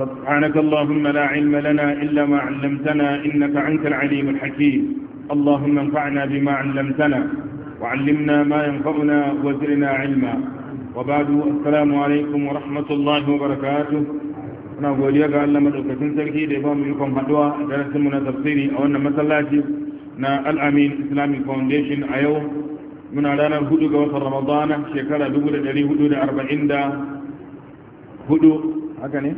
سبحانك اللهم لا علم لنا إلا ما علمتنا إنك أنت العليم الحكيم اللهم انفعنا بما علمتنا وعلمنا ما ينفعنا وزرنا علما وبعد السلام عليكم ورحمة الله وبركاته أنا أقول لك أن لم أدوك تنسلك لفهم منكم حدوى جلس من تفصيلي أو أن مسلاتي أنا الأمين إسلامي فونديشن أيوم من أدانا الهدو قوصر رمضان شكرا دولة جري هدو لأربعين دا هدو هكذا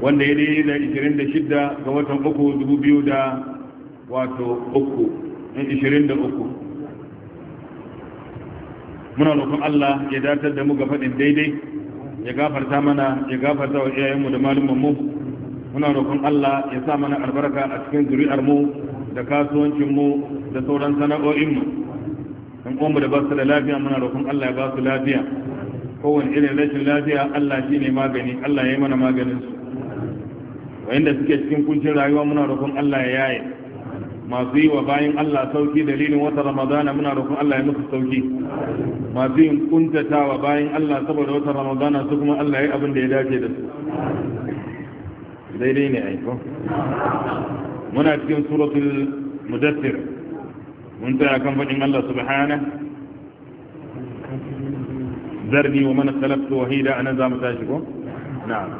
wanda ya dai da 26 ga watan uku biyu da wato uku 23 eh, muna roƙon Allah ya datar da mu ga faɗin daidai ya gafarta mana ya gafarta wa iyayenmu da malumanmu muna roƙon Allah ya sa mana albarka a cikin zuri'armu da kasuwancinmu da sauran sana'o'inmu ɗan ƙwanmu da ba su da lafiya muna roƙon Allah ya ba su lafiya kowane irin rashin lafiya Allah shi ne magani Allah ya yi mana maganin su wayanda suke cikin kuncin rayuwa muna roƙon Allah ya yaye masu yi wa bayan Allah sauki dalilin wata ramadana muna roƙon Allah ya musu sauki masu yin kuntatawa bayan Allah saboda wata ramadana su kuma Allah ya yi abin da ya dace da su daidai ne aiko muna cikin suratul mudaththir mun tsaya kan faɗin Allah subhanahu ذرني ومن خلقت وحيدا أنا زام تاشكم نعم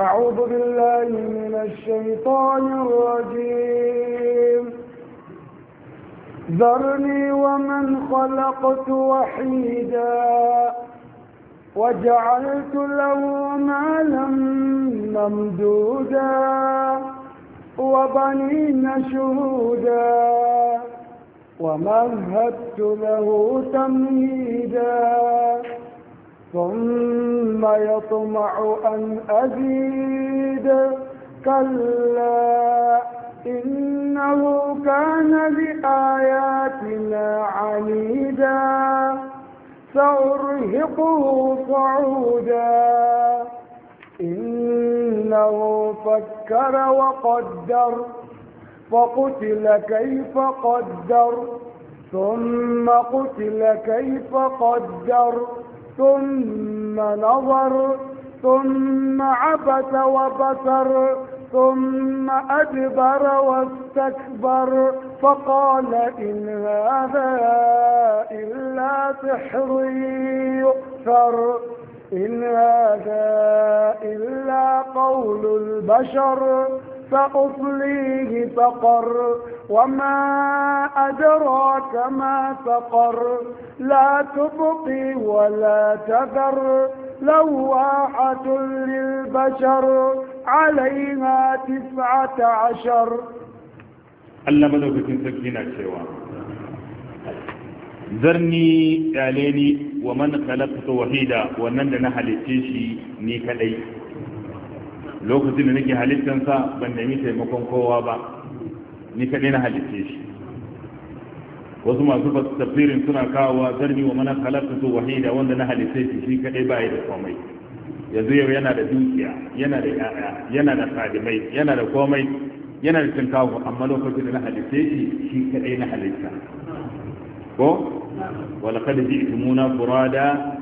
أعوذ بالله من الشيطان الرجيم ذرني ومن خلقت وحيدا وجعلت له مالا ممدودا وبنين شهودا ومهدت له تمهيدا ثم يطمع أن أزيد كلا إنه كان بآياتنا عنيدا سأرهقه صعودا إنه فكر وقدر فقتل كيف قدر ثم قتل كيف قدر ثم نظر ثم عبس وبصر ثم أدبر واستكبر فقال إن هذا إلا سحر يؤثر إن هذا إلا قول البشر سأصليه سقر وما أدراك ما سقر لا تبقي ولا تذر لواحة للبشر عليها تسعة عشر اللبن وكتن سكينة شوا ذرني أعليني ومن خلقت وحيدا ونند نحل تيشي نيك lokacin da nake halittansa ban nemi taimakon kowa ba ni kaɗai na halitte shi wasu masu tafsirin suna kawowa zarni wa mana halatta wahida wanda na halitte shi shi kaɗai ba da komai yanzu yau yana da dukiya yana da yaya yana da sadimai yana da komai yana da cinkawo amma lokacin da na halitte shi shi kaɗai na halitta ko wala kada itumuna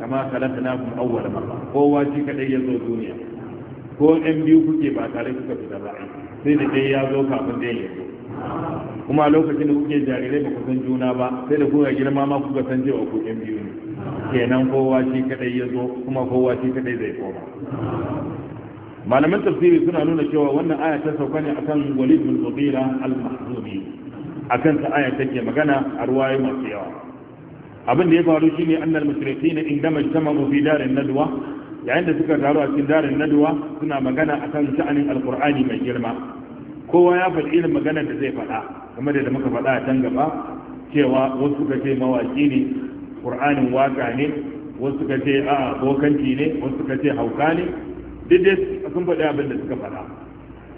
kama halatta na awwal marra kowa shi kaɗai ya zo duniya ko ɗan biyu kuke ba tare kuka fita ba sai da dai ya zo kafin dai ya zo kuma lokacin da kuke jarirai ba ku san juna ba sai da kuka girma ma kuka san cewa ku ɗan biyu ne kenan kowa shi kadai ya zo kuma kowa shi kadai zai koma malaman tafsiri suna nuna cewa wannan aya ta sauka ne akan walid bin zubira al-mahzumi akan ta aya take magana a ruwaye masu yawa abin da ya faru shine annal mushrikeena indama ijtama'u fi darin nadwa yayin da suka taru a cikin darin naduwa suna magana akan sha'anin alkur'ani mai girma kowa ya faɗi irin maganar da zai faɗa game da da muka faɗa a can gaba cewa wasu suka ce mawaƙi ne ƙur'anin waka ne wasu suka ce a bokanci ne wasu suka ce hauka ne duk dai sun faɗi abin da suka faɗa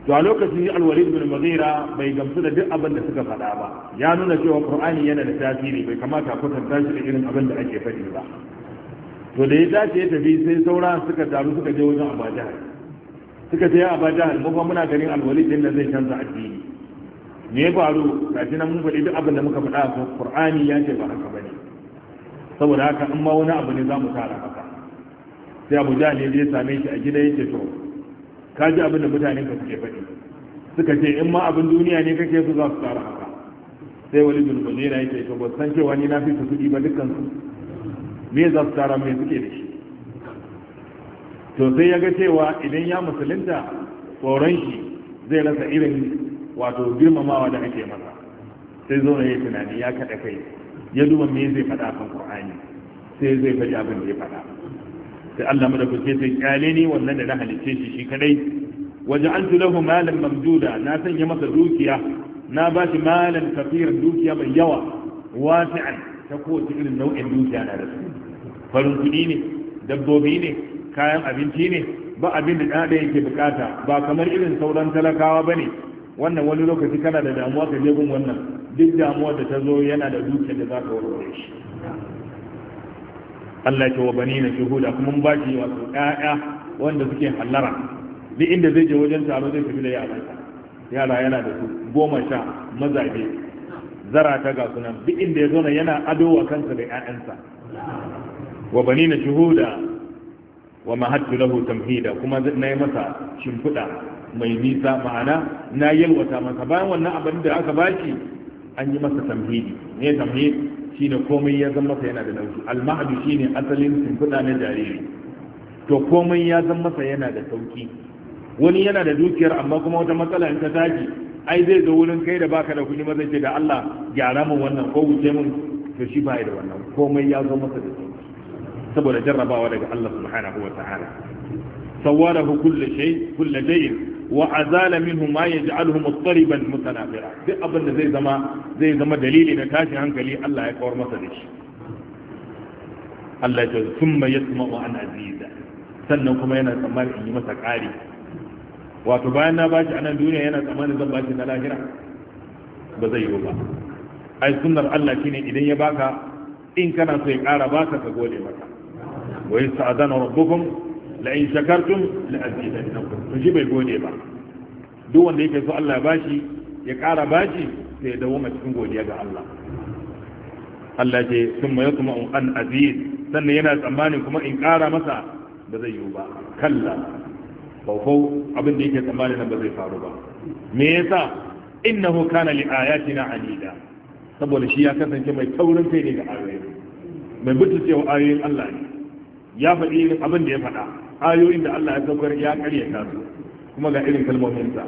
to a lokacin yi alwali bin mughira bai gamsu da duk abin da suka faɗa ba ya nuna cewa ƙur'ani yana da tasiri bai kamata a kwatanta shi da irin abin da ake faɗi ba to da ya dace ya tafi sai saura suka taru suka je wajen abajahar suka ce ya abajahar mafa muna ganin alwalid din da zai canza addini me ya faru gashi nan mun faɗi duk abin da muka faɗa a Qur'ani ya ce ba haka bane saboda haka in ma wani abu ne za mu tara haka sai Abu Jahl ya je same shi a gida yake to ka ji abin da mutanen ka suke faɗi suka ce in ma abin duniya ne kake so za su tara haka sai wani bin bulera yake to ba san cewa ni na fi su kuɗi ba dukkan su me za su tara mai suke da shi to sai ya ga cewa idan ya musulunta tsoron shi zai rasa irin wato girmamawa da ake masa sai zo ya tunani ya kaɗa kai ya duba me zai faɗa kan qur'ani sai zai faɗi abin da ya faɗa sai Allah kuke sai kyale ni wannan da na halicce shi shi kadai waja'altu lahu malan mamduda na sanya masa dukiya na ba shi malan dukiya mai yawa wasi'an ta kowace irin nau'in dukiya na da su farin kuɗi ne dabbobi ne kayan abinci ne ba abin da ɗaɗa yake bukata ba kamar irin sauran talakawa ba ne wannan wani lokaci kana da damuwa ka je gun wannan duk damuwa da ta zo yana da dukiya da za ka warware shi Allah ce wa bani na shuhuda kuma mun bashi wato ƴaƴa wanda suke hallara duk inda zai je wajen taro zai tafi da yaran yara yana da su goma sha mazaje zara ta ga sunan duk inda ya zauna yana ado wa kansa da ƴaƴansa wa bani na shuhuda wa mahaddu lahu tamhida kuma na yi masa shimfiɗa mai nisa ma'ana na yalwata masa bayan wannan abin da aka baki an yi masa tamhidi ne tamhid shine komai ya zama masa yana da nauyi al-mahdu shine asalin shimfiɗa na jariri to komai ya zama masa yana da sauki wani yana da dukiyar amma kuma wata matsala in ta taji ai zai zo wurin kai da baka da kuɗi maza ce da Allah gyara mu wannan ko wuce min to shi bai da wannan komai ya zo masa da sauki saboda jarrabawa daga Allah subhanahu wa ta'ala sawwarahu kullu shay kullu dayn wa azala minhu ma yaj'aluhu muttariban mutanafira duk abin da zai zama zai zama dalili na tashin hankali Allah ya kawar masa da shi Allah ya ce thumma yasma'u an aziza sannan kuma yana tsammani in yi masa ƙari wato bayan na bashi a nan duniya yana tsammani zan bashi na lahira ba zai yi ba ai sunnar Allah shine idan ya baka in kana so ya ƙara baka ka gode maka wa yasta'dana rabbukum la in shakartum la azidannakum to shi bai gode ba duk wanda yake so Allah bashi ya kara bashi sai ya dawo cikin godiya ga Allah Allah ce sun mai kuma an aziz sannan yana tsammanin kuma in kara masa ba zai yiwu ba kalla baukau abin da yake tsammanin nan ba zai faru ba me yasa innahu kana li ayatina anida saboda shi ya kasance mai taurin kai ne ga ayoyi mai bitu wa ayoyin Allah ne ya faɗi abin da ya faɗa ayoyin da Allah ya saukar ya karyata su kuma ga irin kalmominsa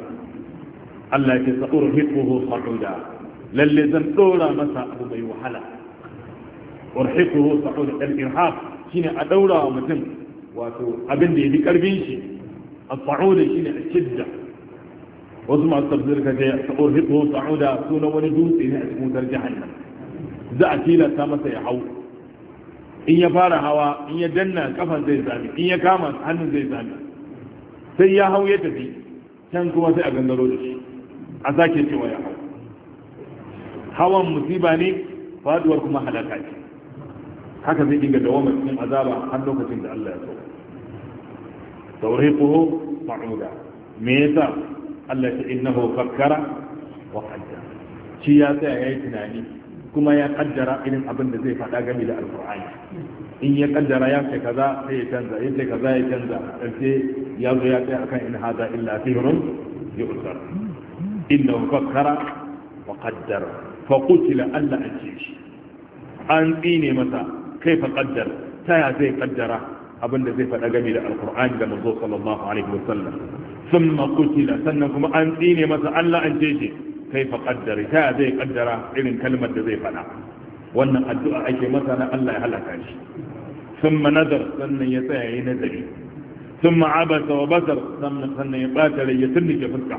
Allah ya ce sa'ur hikuhu sa'uda lalle zan dora masa abu mai wahala urhikuhu sa'uda dan irhab shine a daura wa mutum wato abin da ya bi karbin shi as-sa'uda shine a ashidda wasu masu tafsir kaje sa'ur hikuhu sa'uda sunan wani dutse ne a cikin wutar jahannam za a tilasta masa ya hau in ya fara hawa in ya danna kafan zai zami in ya kama hannun zai zami sai ya hau ya tafi can kuma sai a gangaro da shi a sake cewa ya hau hawan musiba ne faduwar kuma halaka ce haka zai dinga dawamar cikin azaba har lokacin da Allah ya so tawriquhu ma'uda me yasa Allah ya ce innahu fakkara wa hajja shi ya tsaya yayi tunani kuma ya kaddara irin abin da zai faɗa gami da alkur'ani in ya kaddara ya ce kaza sai ya canza ya ce kaza ya canza ƙarshe ya zo ya tsaya akan in haza illa sihrun ya usar innahu fakkara wa qaddara fa qutila alla an ce shi an tsine masa kai fa qaddara ta ya zai kaddara abin da zai faɗa gami da alkur'ani da manzo sallallahu alaihi wasallam Sun qutila sannan kuma an tsine masa Allah an ce shi kaifa qaddara ta zai kaddara irin kalmar da zai faɗa wannan addu'a ake masa na Allah ya halaka shi Sun nazar sannan ya tsaya yayin nazari Sun abasa wa basar sannan ya ɓata rai ya tunnike fuska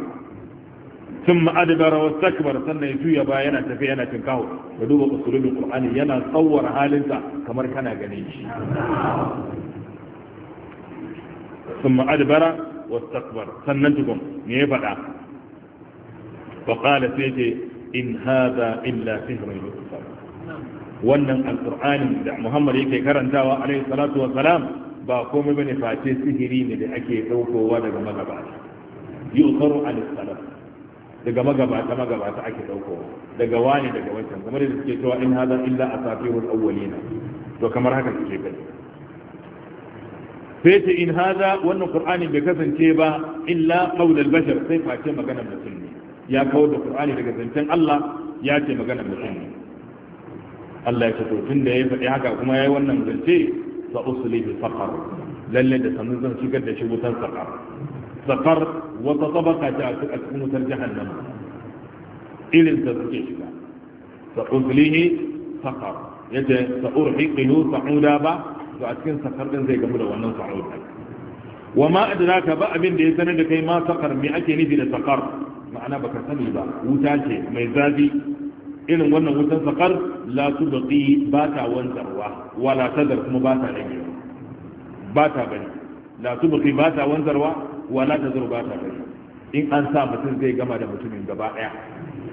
Sun adbara wa stakbar sannan ya juya ba yana tafi yana kawo da duba usulul qur'ani yana tsawwar halinsa kamar kana ganin shi Sun adbara wa stakbar sannan tukun me ya faɗa faƙala sai ce in haza illa sihirin yusufa wannan alƙur'anin da muhammad yake karantawa alaihi salatu wa salam ba komai bane face sihiri ne da ake ɗaukowa daga magabata yusufaru alaihi salatu daga magabata magabata ake ɗaukowa daga wani daga wancan kamar da suke cewa in haza illa a asafirul awwalina to kamar haka suke gani sai ce in haza wannan qur'ani bai kasance ba illa qaulal bashar sai face maganar mutum ya kawo da qur'ani daga zancen Allah ya ce magana mutum ne Allah ya ce to da ya faɗi haka kuma ya yi wannan zance fa uslihi faqar lalle da sanin zan shigar da shi wutar saqar saqar wata tabaka ta a cikin wutar jahannama irin ta suke shiga fa uslihi saqar yace sa urhiqihu sa'uda ba to a cikin saqar din zai gamu da wannan sa'uda wa ma adraka ba abin da ya sanar da kai ma saqar me ake nufi da saqar ma'ana baka sani ba wuta ce mai zafi irin wannan wutan sakar la baki ba ta wanzarwa wala tadar kuma ba ta rage ba ta bane la baki ba ta wanzarwa wala tadar ba ta rage in an sa mutum zai gama da mutumin gaba daya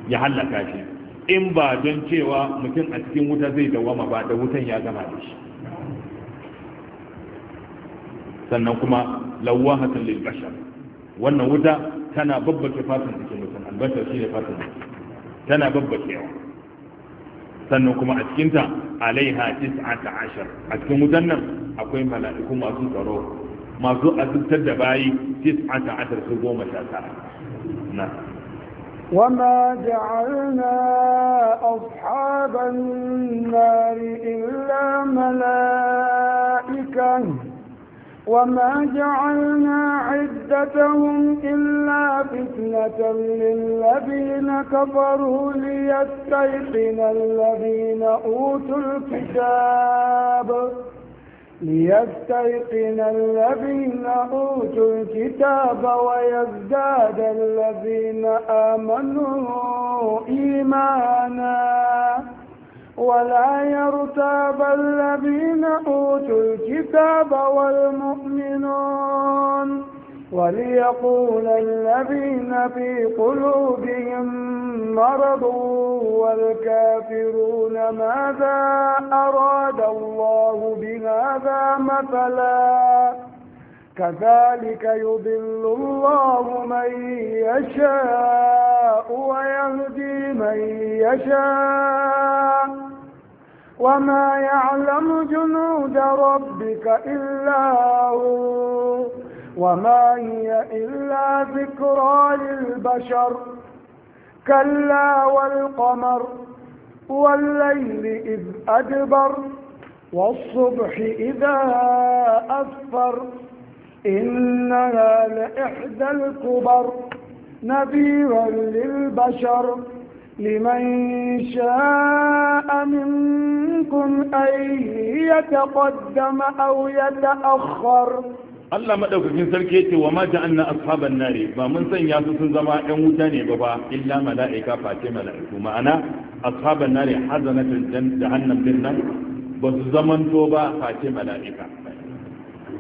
ya hallaka shi in ba don cewa mutum a cikin wuta zai dawama ba da wutan ya gama da shi sannan kuma lawahatan lil bashar wannan wuta tana babbace fatan take mutum albashar shi da fatan tana babbacewa sannan kuma a cikinta alaiha tis'ata ashar a cikin wutan nan akwai mala'iku masu tsaro masu azubtar da bayi tis'ata ashar su goma sha tara na وما جعلنا أصحاب النار إلا ملائكة وما جعلنا عدتهم إلا فتنة للذين كفروا ليستيقن الذين أوتوا الكتاب ليستيقن الذين أوتوا الكتاب ويزداد الذين آمنوا إيمانا ولا يرتاب الذين أوتوا الكتاب والمؤمنون وليقول الذين في قلوبهم مرض والكافرون ماذا أراد الله بهذا مثلا كذلك يضل الله من يشاء ويهدي من يشاء وما يعلم جنود ربك إلا هو وما هي إلا ذكرى للبشر كلا والقمر والليل إذ أدبر والصبح إذا أسفر إنها لإحدى الكبر نذيرا للبشر لمن شاء منكم أن يتقدم أو يتأخر Allah madaukakin sarki yace wa ma ja'alna ashaban nari ba mun sanya su sun zama ɗan wuta ne ba ba illa mala'ika face mala'iku ma'ana ashaban nari hazanatul jahannam din nan ba su zamanto ba face mala'ika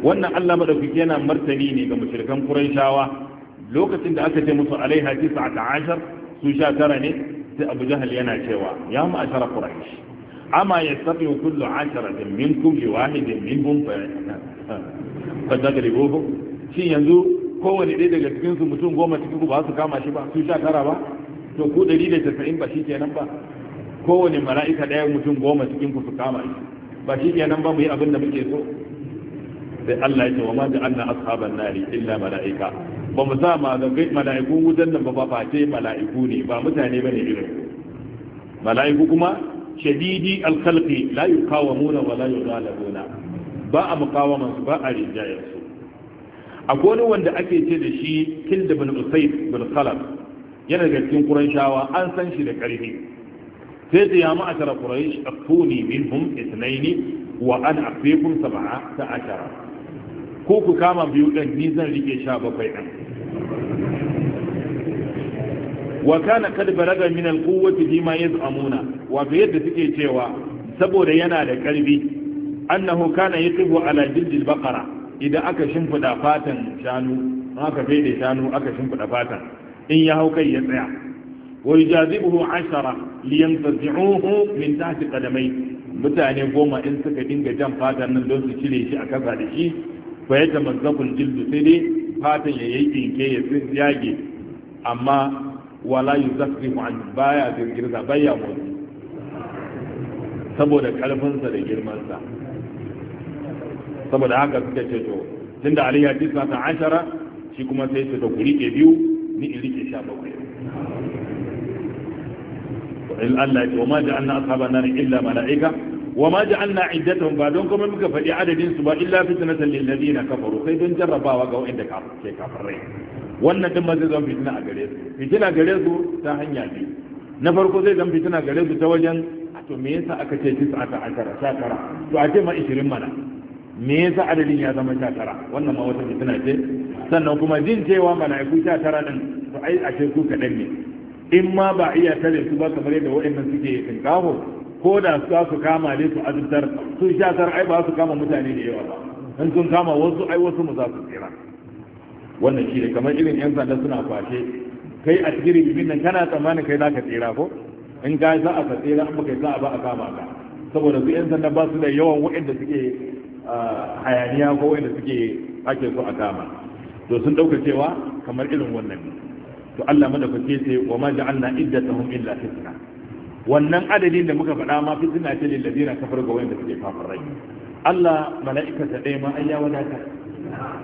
wannan Allah madaukaki yana martani ne ga mushrikan Qurayshawa lokacin da aka ce musu alaiha ashar su sha tara ne sai abu jahal yana cewa ya ma'ashara quraish amma yastati kullu asharatin minkum li da minhum fa tadribuhu shi yanzu kowane ɗaya daga cikin su mutum goma cikin ku ba su kama shi ba su sha tara ba to ku 190 ba shi kenan ba kowane mala'ika ɗaya mutum goma cikin ku su kama shi ba shi kenan ba mu yi abin da muke so sai Allah ya ce wa ma ja'alna ashaban nari illa mala'ika ba mu sa mala'iku wutan nan ba ba mala'iku ne ba mutane ba ne irin mala'iku kuma shadidi alkhalqi la yuqawamuna wa la yuzalabuna ba a mukawa masu ba a rinjayar su A wani wanda ake ce da shi kilda bin usayd bin khalaf yana daga cikin shawa, an san shi da karfi sai da ya ma'ashara quraysh akuni minhum ithnaini wa an afikum ta ashara. ko ku kama biyu ɗan ni zan rike sha bakwai ɗan wa kana kad balaga min quwwati bima yaz'amuna wa bi yadda suke cewa saboda yana da karbi annahu kana yatibu ala jildil baqara idan aka shimfida fatan shanu aka shanu aka shimfida fatan in ya hau kai ya tsaya wa yujazibuhu ashara liyantazi'uhu min tahti qadamai mutane goma in suka dinga jan fatan nan don su cire shi a kasa da shi fa ya tamazzaqul jildu sai dai fatan ya yi kinke ya yage amma wala yuzakkiru an baya girgiza baya motsi saboda karfinsa da girmansa saboda haka suka ce to tunda ali ya tisa ta ashara shi kuma sai ce to ku rike biyu ni in rike sha bakwai in Allah ya ce wa ma ja'alna na nar illa malaika wa ma ja'alna iddatan ba don kuma muka faɗi adadin su ba illa fitnatan lil ladina kafaru sai don jarrabawa ga wanda ke kafirai wannan din ma zai zama fitina a gare su fitina gare su ta hanya biyu na farko zai zama fitina gare su ta wajen to me yasa aka ce kisa aka akara sha tara to a ce ma 20 mana me yasa adadin ya zama sha tara wannan ma wata fitina ce sannan kuma jin cewa mala'iku sha tara din to ai a ce su kaɗan ne in ma ba iya tare su ba kamar yadda waɗannan suke tinkaho ko da su su kama ne su azubtar sun sha tar ai ba su kama mutane da yawa ba in sun kama wasu ai wasu mu za su tsira wannan shi ne kamar irin yan sanda suna kwashe kai a cikin ribibin nan kana tsammanin kai za ka tsira ko in ka za a ka tsira amma baka za a ba a kama ka saboda su yan sanda ba su da yawan waɗanda suke hayaniya ko waɗanda suke ake so a kama to sun ɗauka cewa kamar irin wannan to Allah madaukake sai wa ma ja'alna iddatahum illa fitna wannan adadin da muka faɗa ma fitina ce lil ladina kafar ga wanda suke rai. Allah mala'ika ta ɗaya ma ayya wadata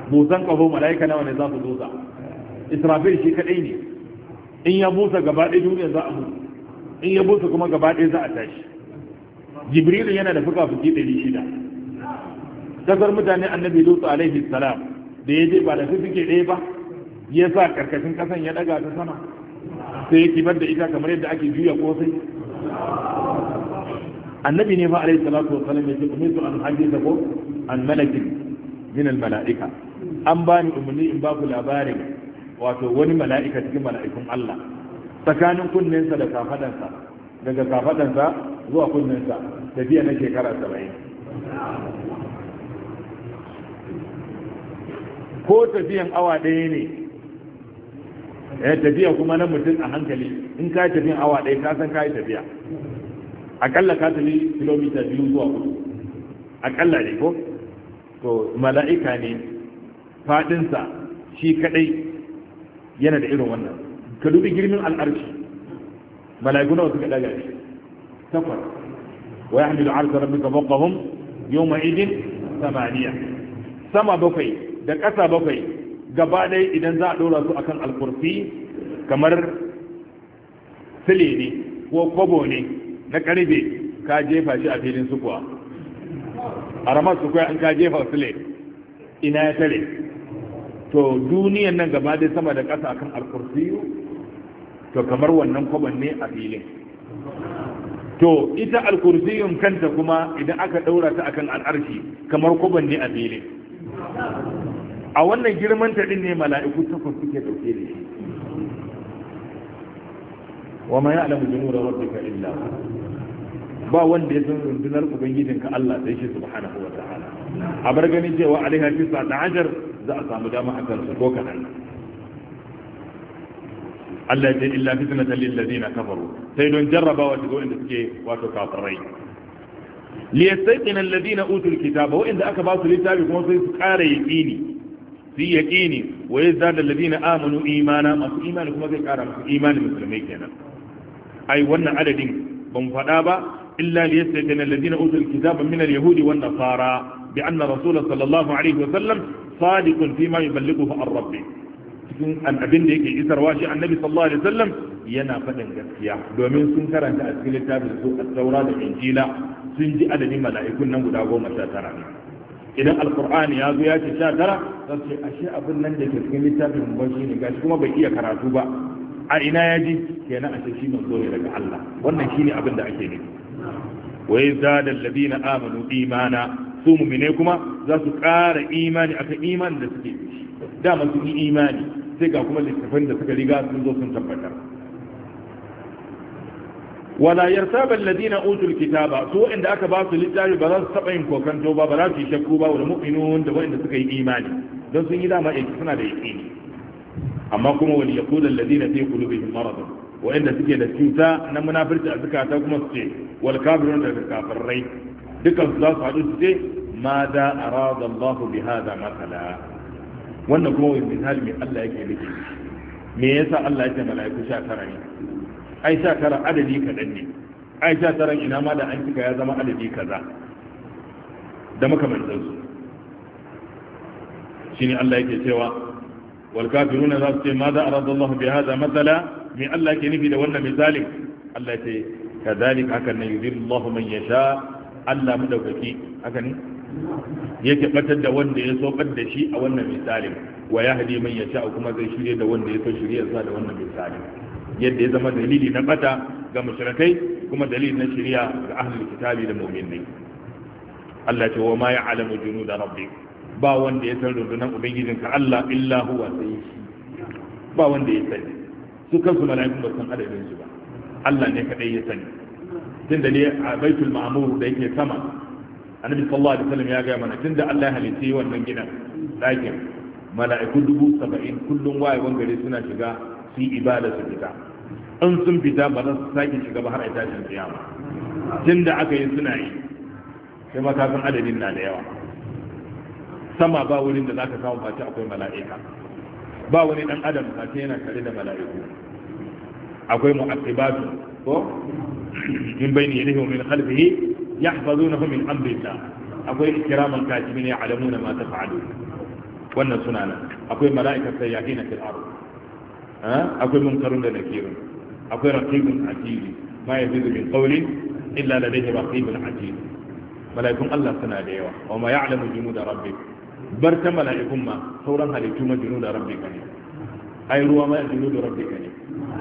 busan kafo mala'ika nawa ne za su zuza israfil shi kaɗai ne in ya busa gaba ɗaya duniya za a mutu in ya busa kuma gaba ɗaya za a tashi jibril yana da fuka-fuki ɗari shida kasar mutane annabi lutu alaihi salam da ya je ba da su suke ɗaya ba ya sa karkashin kasan ya ɗaga ta sama sai ya kibar da ita kamar yadda ake juya kosai annabi ne ma alayhi salatu wasallam ya kuma su an hadisa ko an malaki min al mala'ika an bani umarni in baku labarin wato wani mala'ika cikin mala'ikun Allah tsakanin sa da sa daga sa zuwa sa tafiya na shekara saba'in ko tafiyan awa ɗaya ne eh tafiya kuma na mutum a hankali in ka tafiyan awa ɗaya ka san ka yi tafiya akalla ka tafi kilomita biyu zuwa uku akalla ne ko to mala'ika ne faɗinsa shi kaɗai yana da irin wannan ka dubi girmin al'arshi mala'iku nawa suka daga shi takwas wa yahmilu arsha rabbika fawqahum yawma idin samaniya sama bakwai da ƙasa bakwai gaba dai idan za a ɗora su akan alkurfi kamar sile ne ko kobo ne na karbe ka jefa shi a filin kuwa a ramar kuwa an ka jefa sile ina ya tare to duniyan nan gaba dai sama da ƙasa akan alkurfi to kamar wannan kwabon ne a filin to ita alkursiyun kanta kuma idan aka ɗaura ta akan al'arshi kamar kwabon ne a filin a wannan girman ta ne mala'iku takwas suke dauke da shi wa ma ya'lamu junuda rabbika illa hu ba wanda ya san rundunar ubangijinka Allah sai shi subhanahu wa ta'ala a bar ganin cewa alaiha fi sa'ajar za a samu dama akan su ko kadan Allah ya ce illa fitnatan lil ladina kafaru sai don jarrabawa ta ga wanda suke wato kafirai li yastaqina alladina utul kitaba wa inda aka ba su littafi kuma sai su kare yaqini fi yaqini wa yazda alladhina amanu imana masu imani kuma zai kara masu imani musulmai kenan ai wannan adadin ban faɗa ba illa li yastayqina alladhina utul kitaba min al-yahudi wan nasara bi anna rasul sallallahu alaihi wa sallam sadiqun fi ma yuballighu an rabbi cikin abin da yake isarwa shi annabi sallallahu alaihi wasallam yana faɗin gaskiya domin sun karanta a cikin littafin su a da injila sun ji adadin mala'ikun nan guda goma sha tara ne idan alkur'ani ya zo ya ce sha tara za su ce ashe abin nan da ke cikin littafin ba shi ne gashi kuma bai iya karatu ba a ina ya ji kenan ashe shi zo ne daga Allah wannan shine abin da ake nufi wa da alladhina amanu imana su mu'mine kuma za su ƙara imani akan imanin da suke da shi dama yi imani sai ga kuma littafin da suka riga sun zo sun tabbatar wala yartaba alladhina utul kitaba su wanda aka ba su littafi ba za su taba yin kokanto ba ba za su yi shakku ba wal mu'minun da wanda suka yi imani don sun yi dama yake suna da yaqini amma kuma wal yaqulu alladhina fi qulubihim marad wanda suke da cuta na munafirci a zakata kuma su ce wal kafirun da kafirai dukan su za su haɗu su ce ma da arada Allah bi hada masala wannan kuma wani misali mai Allah yake nufi me yasa Allah yake mala'iku sha tara ne ai sha tara adadi kaɗan ne ai sha tara ina ma da an cika ya zama adadi kaza da makamantansu shi ne Allah yake cewa walkafiruna za su ce ma za a radallahu bi hada matsala mai Allah ke nufi da wannan misalin Allah ce ka zalik hakan na yuzir Allah man ya sha Allah madaukaki haka ne yake batar da wanda ya so bat da shi a wannan misalin wa ya hadi man ya sha kuma zai shirye da wanda ya so shirye sa da wannan misalin yadda ya zama dalili na bata ga mushrikai kuma dalili na shirya ga ahlul kitabi da mu'minin Allah ce wa ma ya'lamu junuda rabbik ba wanda ya san rundunar ka Allah illa huwa sai shi ba wanda ya sani su kansu mala'ikun ba san adadin su ba Allah ne kadai ya sani tunda ne a baitul ma'mur da yake sama annabi sallallahu alaihi wasallam ya ga mana tunda Allah ya halitta wannan gidan dakin mala'iku dubu saba'in kullum wayewan gari suna shiga fi ibadatu ibada An in sun fita ba za su sake shiga ba har a tashin kiyama tun da aka yi suna yi sai ma ka san adadin na da yawa sama ba wurin da zaka samu face akwai mala'ika ba wani dan adam face yana tare da mala'iku akwai mu'aqibatu ko min bayni yadihi wa min khalfihi yahfazunahu min amrillah akwai ikraman katimin ya'lamuna ma taf'alun wannan suna nan akwai mala'ika sayyahin fil ardh akwai munkarun da nakirun akwai raqibun atid ma yazidu min qawlin illa ladayhi raqibun atid mala'ikun Allah suna da yawa wa ma ya'lamu junuda rabbik bar ta mala'ikun ma sauran halittu ma junuda rabbika ne ai ruwa ma junuda rabbika ne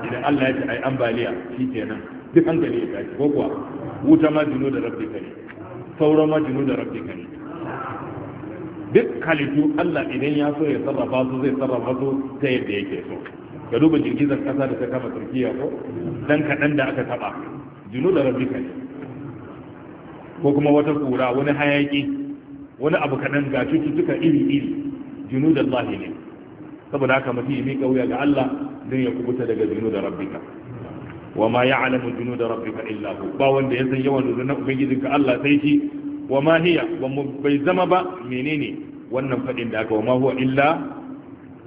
idan Allah ya ce ai ambaliya shikenan duk hankali ya tashi ko kuwa wuta ma junuda rabbika ne sauran ma junuda rabbika ne duk halittu Allah idan ya so ya sarrafa su zai sarrafa su ta yadda yake so ka duba girgizar kasa da ta kama turkiya ko dan kaɗan da aka taɓa junu da rabbika ne ko kuma wata kura wani hayaki wani abu kaɗan ga cututtuka iri-iri junu da lahi ne saboda haka mutum ya miƙa wuya ga Allah don ya kubuta daga junu da rabbi ka. wa ma ya ya'lamu junu da rabbi ka illa hu ba wanda ya san yawan na rundunar ka Allah sai shi wa ma hiya ba bai zama ba menene wannan faɗin da aka wa ma huwa illa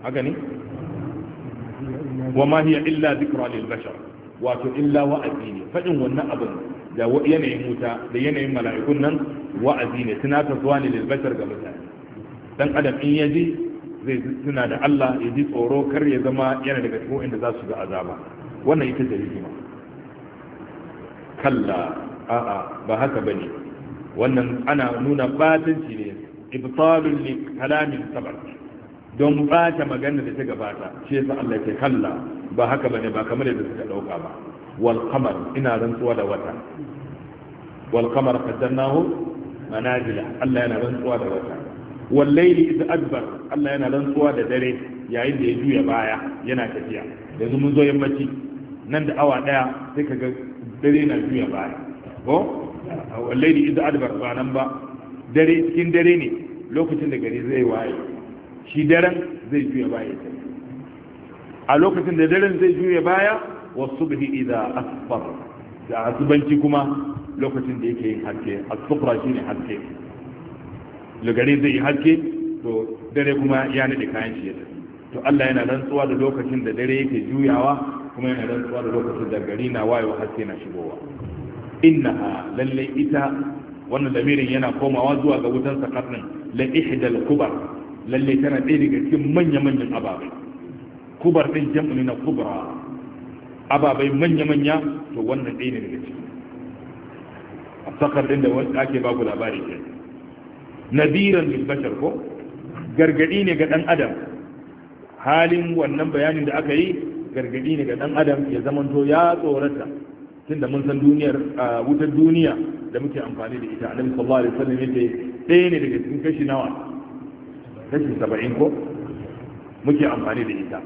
haka ne wa hiya illa dhikra lil bashar wato illa wa'azi ne fadin wannan abin da yanayin wuta da yanayin mala'ikun nan wa'azi ne tunatarwa ne lil bashar ga mutane dan adam in yaji zai tuna da Allah ya ji tsoro kar ya zama yana daga cikin inda za su ga azaba wannan ita ce hikima kalla a'a ba haka bane wannan ana nuna batanci ne ibtalul li kalamin sabr don bata magana da ta gabata shi yasa Allah ke kalla ba haka bane ba kamar yadda suka dauka ba wal qamar ina rantsuwa da wata wal qamar qaddarnahu manazila Allah yana rantsuwa da wata wal layli id adbar Allah yana rantsuwa da dare yayin da ya juya baya yana tafiya yanzu mun zo yammaci nan da awa daya sai kaga dare na juya baya ko wal layli id adbar ba nan ba dare cikin dare ne lokacin da gari zai waye shi daren zai juya baya a lokacin da daren zai juya baya wasu bihi idan asfar da asubanci kuma lokacin da yake yin haske asfura shi ne haske lagari zai yi haske to dare kuma ya nade kayan shi yadda to Allah yana rantsuwa da lokacin da dare yake juyawa kuma yana rantsuwa da lokacin da gari na wayewa haske na shigowa inna lalle ita wannan lamirin yana komawa zuwa ga wutan sakarnin la ihdal kubar lalle tana ɗaya daga cikin manya-manyan ababai kubar ɗin jam'i na kubra ababai manya-manya to wannan ɗaya ne daga ciki a sakar ɗin da wanda ake ku labari ke nadiran lil bashar ko gargadi ne ga ɗan adam halin wannan bayanin da aka yi gargadi ne ga ɗan adam ya zamanto ya tsorata tunda mun san duniyar wutar duniya da muke amfani da ita annabi sallallahu alaihi wasallam yake ɗaya ne daga cikin kashi nawa kashi saba'in ko muke amfani da ita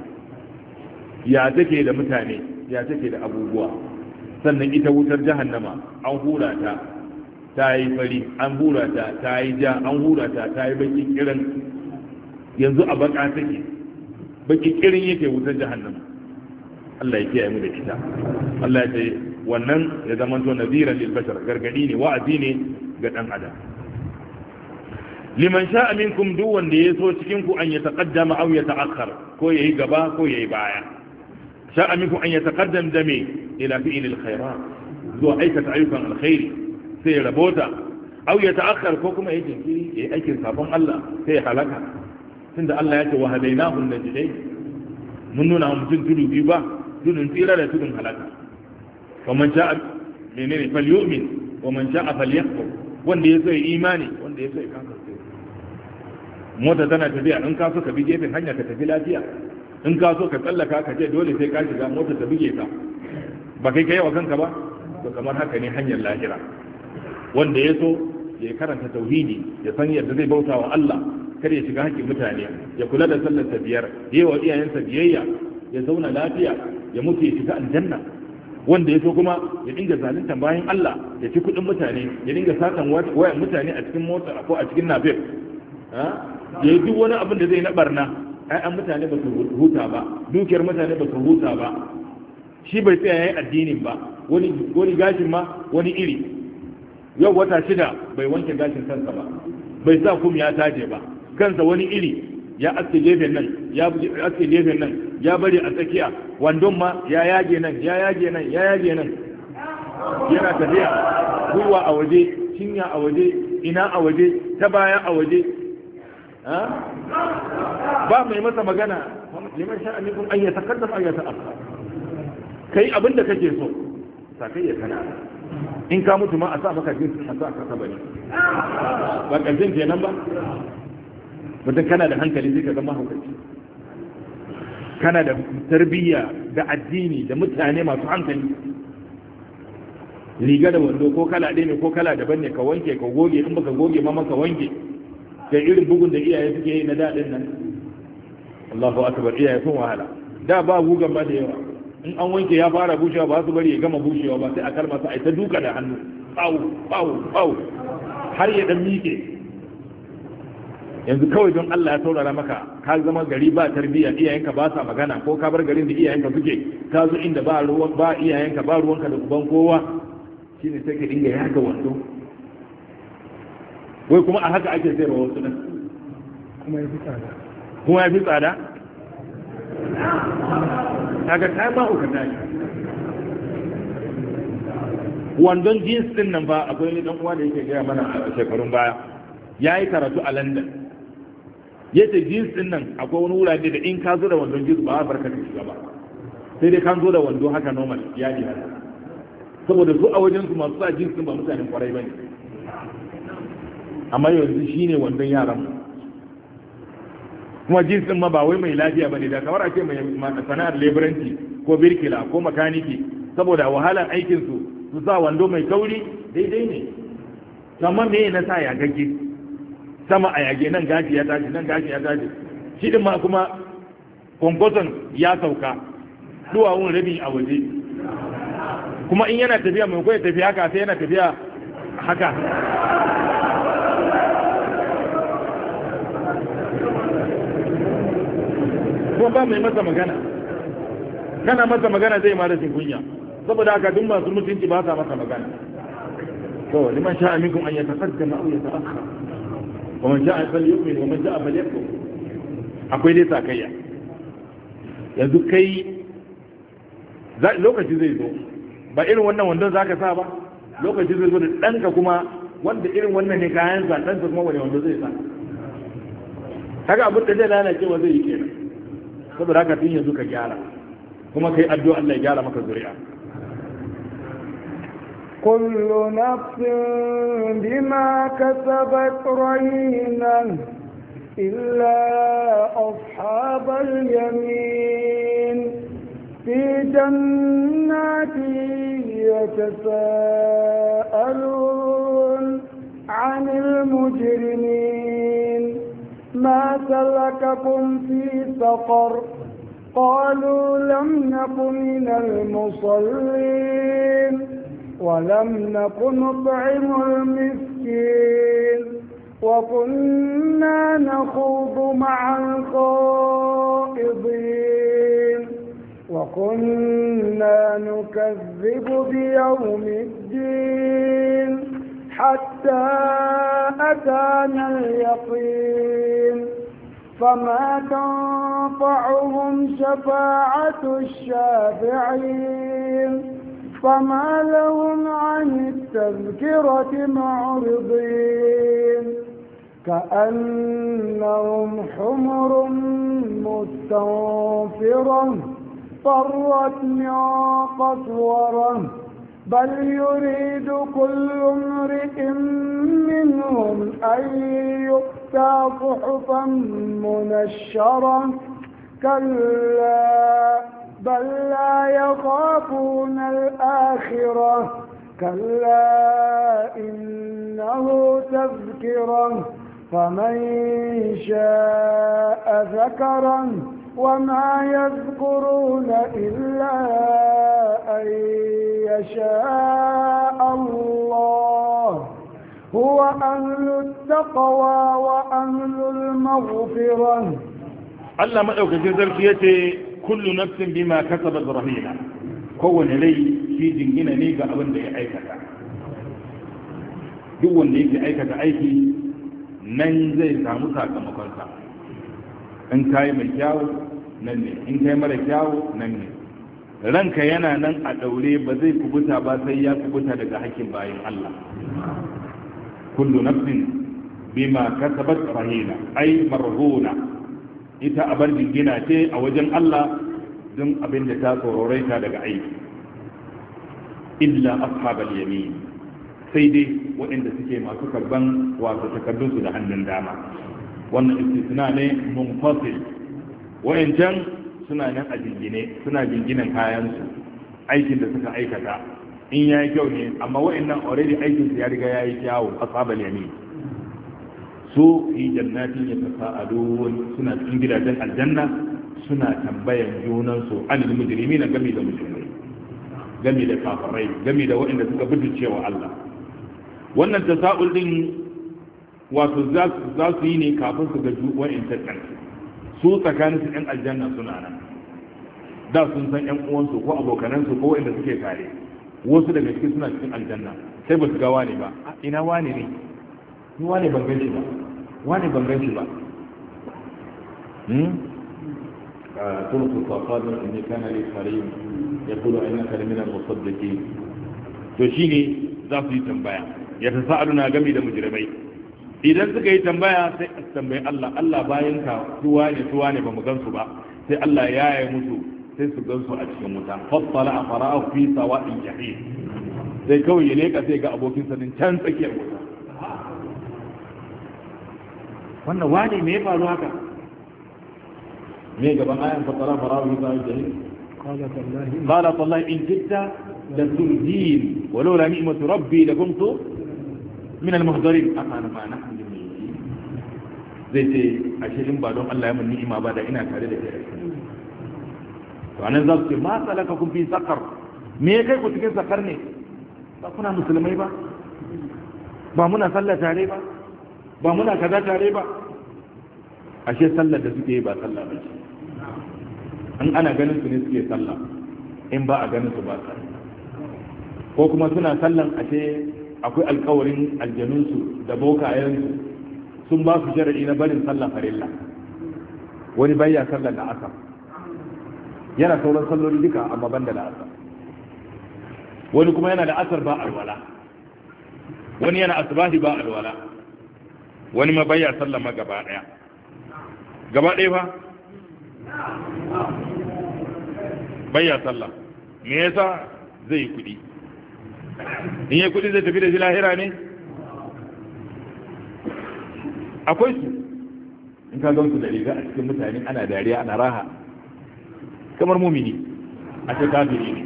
ya take da mutane ya take da abubuwa sannan ita wutar jahannama an hura ta ta yi fari an hura ta ta yi ja an hura ta ta yi baki kirin yanzu a baka take baki kirin yake wutar jahannama Allah ya kiyaye mu da ita Allah ya ce wannan ya zama to nadira lil bashar gargadi ne wa'azi ne ga dan adam liman sha'a minkum duk wanda ya so cikin ku an ya taqaddama aw ya ta'akhkhar ko yayi gaba ko yayi baya sha'a minkum an ya taqaddam da me ila fi'il alkhairat zuwa aikata ayyukan alkhairi sai ya rabota aw ya ta'akhkhar ko kuma yayi jinkiri yayi aikin sabon Allah sai ya halaka tunda Allah ya ce wa hadainahu najdai mun nuna mutum tudu biyu ba tudun tsira da tudun halaka faman sha'a menene falyu'min wa man sha'a falyakfur wanda ya so ya imani wanda ya so ya kanka mota tana tafiya in ka so ka bi gefen hanya ka tafi lafiya in ka so ka tsallaka ka ce dole sai ka shiga mota ta buge ka ba kai kai wa kanka ba to kamar haka ne hanyar lahira wanda ya so ya karanta tauhidi ya san yadda zai bauta wa Allah kar ya shiga hakkin mutane ya kula da sallar ta biyar ya wa iyayensa biyayya ya zauna lafiya ya mutu ya shiga aljanna wanda ya so kuma ya dinga zalunta bayan Allah ya ci kuɗin mutane ya dinga satan wayan mutane a cikin mota ko a cikin nafir ya yi duk wani abin da zai na barna ai an mutane ba su huta ba dukiyar mutane ba su huta ba shi bai tsaya yi addinin ba wani gashin ma wani iri yau wata shida bai wanke gashin kansa ba bai sa kum ya taje ba kansa wani iri ya aske gefen nan ya aske gefen nan ya bari a tsakiya wandon ma ya yage nan ya yage nan ya yage nan yana tafiya ruwa a waje cinya a waje ina a waje ta baya a waje ba mai masa magana liman sha'anikum an yi takaddam an ya Ka kai abin da kake so sakai ya kana in ka mutu ma a sa maka jin a sa ka ne. ba ƙarfin kenan ba mutum kana da hankali zai ka zama hankali kana da tarbiyya da addini da mutane masu hankali riga da wando ko kala ɗaya ne ko kala daban ne ka wanke ka goge in baka goge ma maka wanke da irin bugun da iyaye suke yi na daɗin nan Allahu akbar iyaye sun wahala da ba gugan ba da yawa in an wanke ya fara bushewa ba su bari ya gama bushewa ba sai a kalma sa ai ta duka da hannu pau pau pau har ya dan mike yanzu kawai don Allah ya saurara maka ka zama gari ba tarbiyya iyayenka ba sa magana ko ka bar garin da iyayenka suke ka zo inda ba ruwan ba iyayenka ba ruwanka da uban kowa shine sai ka dinga yaga wando wai kuma a haka ake zai wasu nan kuma ya fi tsada kuma ya ta ba uka tashi wandon jins din nan ba akwai ni dan uwa da yake gaya mana a shekarun baya yayi karatu a London yace jins din nan akwai wani wurare da in ka zo da wandon jins ba barka ka shiga ba sai dai kan zo da wando haka normal ya ne saboda su a wajen su masu sa jins din ba mutanen kwarai bane amma yanzu shi ne wandon yaran kuma jinsin ma ba wai mai lafiya ba ne da kamar a ce mai sana'ar leburanci ko birkila ko makaniki saboda wahalar aikinsu su sa wando mai kauri daidai ne sama me na sa ya gage sama a yage nan gashi ya tashi nan gashi ya tashi shi din ma kuma kwankwason ya sauka duwawun rabi a waje kuma in yana tafiya mai kwaya tafiya haka sai yana tafiya haka ko ba mai masa magana kana masa magana zai ma rashin kunya saboda haka duk masu mutunci ba sa masa magana to liman sha'a minkum an yataqaddama aw yata'akhkhar wa man sha'a falyu'min wa man sha'a falyakfur akwai dai sakayya yanzu kai lokaci zai zo ba irin wannan wandon zaka sa ba lokaci zai zo da danka kuma wanda irin wannan ne kayan sa danka kuma wani wando zai sa kaga abin da zai lalacewa zai yi kenan saboda haka tun yanzu ka gyara kuma kai addu'a Allah ya gyara maka zuri'a كل نفس بما كسبت رهينا إلا أصحاب اليمين في جنات يتساءلون عن المجرمين ما سلككم في سقر قالوا لم نق من المصلين ولم نق نطعم المسكين وكنا نخوض مع الخائضين وكنا نكذب بيوم الدين حتى أتانا اليقين فما تنفعهم شفاعة الشافعين فما لهم عن التذكرة معرضين كأنهم حمر مستنفرة فرت من قسورة بل يريد كل امرئ منهم أن يؤتى صحفا منشرا كلا بل لا يخافون الآخرة كلا إنه تذكرة فمن شاء ذكرا وما يذكرون إلا أن يشاء الله هو أهل التقوى وأهل المغفرة Allah maɗaukakin sarki ya ce kullu nafsin bima kasabat rahina kowane rai shi jingina ne ga abin da ya aikata duk wanda yake aikata aiki nan zai samu sakamakonsa in kai mai nan in mara kyau, nan ranka yana nan a daure ba zai kubuta ba sai ya kubuta daga hakkin bayan Allah kullu nafsin bima kasabat rahina ai marhuna ita abar jingina ce a wajen Allah don abin da ta tsororaita daga aiki illa ashabal yamin sai dai waɗanda suke masu karban wato takardunsu da hannun dama wannan istisna ne munfasil wayancan suna nan a jingine suna jinginan kayansu aikin da suka aikata in ya yi kyau ne amma wa'annan already aikin su ya riga ya yi a asabal yamin su fi jannatin ya tasa'adun suna cikin gidajen aljanna suna tambayan junansu anil mujrimina gami da mujrimai gami da kafirai gami da wa'anda suka bidice wa Allah wannan tasa'ul din wato za su yi ne kafin su ga wa'in tattalin su tsakanin su ɗan aljanna suna nan da sun san yan uwansu ko abokanansu ko inda suke tare wasu daga cikin suna cikin aljanna sai ba su ga wane ba ina wane ne ni wane ban gan shi ba wane ban gan shi ba طرق الصفات إن To لي قريب يقول إنك لمن المصدقين فشيني ذات تنبايا gami da مجرمين idan suka yi tambaya sai a tambayi Allah Allah bayan ka su wane su wane ba mu gansu ba sai Allah ya yi musu sai su gan gansu a cikin wuta fassala a fara'ahu fi sawa'in jahim sai kawai ya leka sai ga abokin sanin can tsakiyar wuta wannan wani me ya faru haka me gaban ayan fassala fara'ahu fi sawa'in jahim qala tallahi in jitta la tunjin walaula ni'matu rabbi lakuntu min al-muhdarin afana ma nahnu zai ce ashe in ba don Allah ya mun ni'ima ba da ina tare da kai to anan za su ce ma salaka kun fi sakar me ya kai ku cikin sakar ne ba kuna musulmai ba ba muna sallah tare ba ba muna kaza tare ba ashe sallar da suke yi ba sallah ba ce in ana ganin su ne suke sallah in ba a ganin su ba sallah ko kuma suna sallan ashe akwai alkawarin aljanunsu da bokayensu sun ba su shari'i na barin sallah farilla wani bayya sallar da asar yana sauran salloli duka amma ban da la'asar wani kuma yana da asar ba alwala wani yana asbahi ba alwala wani ma bayya sallama gaba daya gaba daya fa bayya sallah me yasa zai kudi in yi kudi zai tafi da shi lahira ne akwai su in ka gamsu da riga a cikin mutane ana dariya ana raha kamar mumini a ce kafiri ne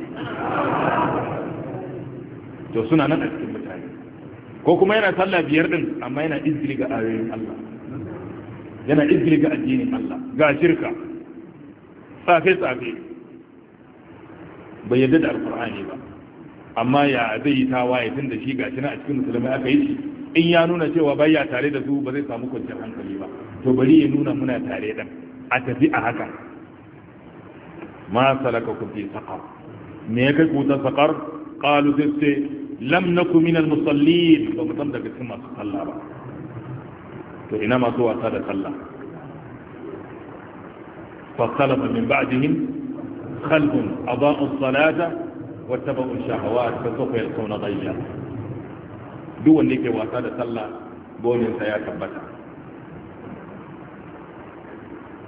to suna nan a cikin mutane ko kuma yana sallah biyar din amma yana izgiri ga ayoyin Allah yana izgiri ga addinin Allah ga shirka safe safe bai yadda da alkur'ani ba amma ya zai yi ya tun da shi shi na a cikin musulmai aka yi shi in ya nuna cewa bai ya tare da su ba zai samu kwanciyar hankali ba to bari ya nuna muna tare dan a tafi a haka ما سلككم في سقر ميك كوتا سقر قالوا تست لم نكن من المصلين فمتم دك ثم صلى با تو انما تو اتد صلى فخلف من بعدهم خلف اضاءوا الصلاه واتبعوا الشهوات فسوف يلقون ضيا دون نيكي واتد صلى بون سيا تبتا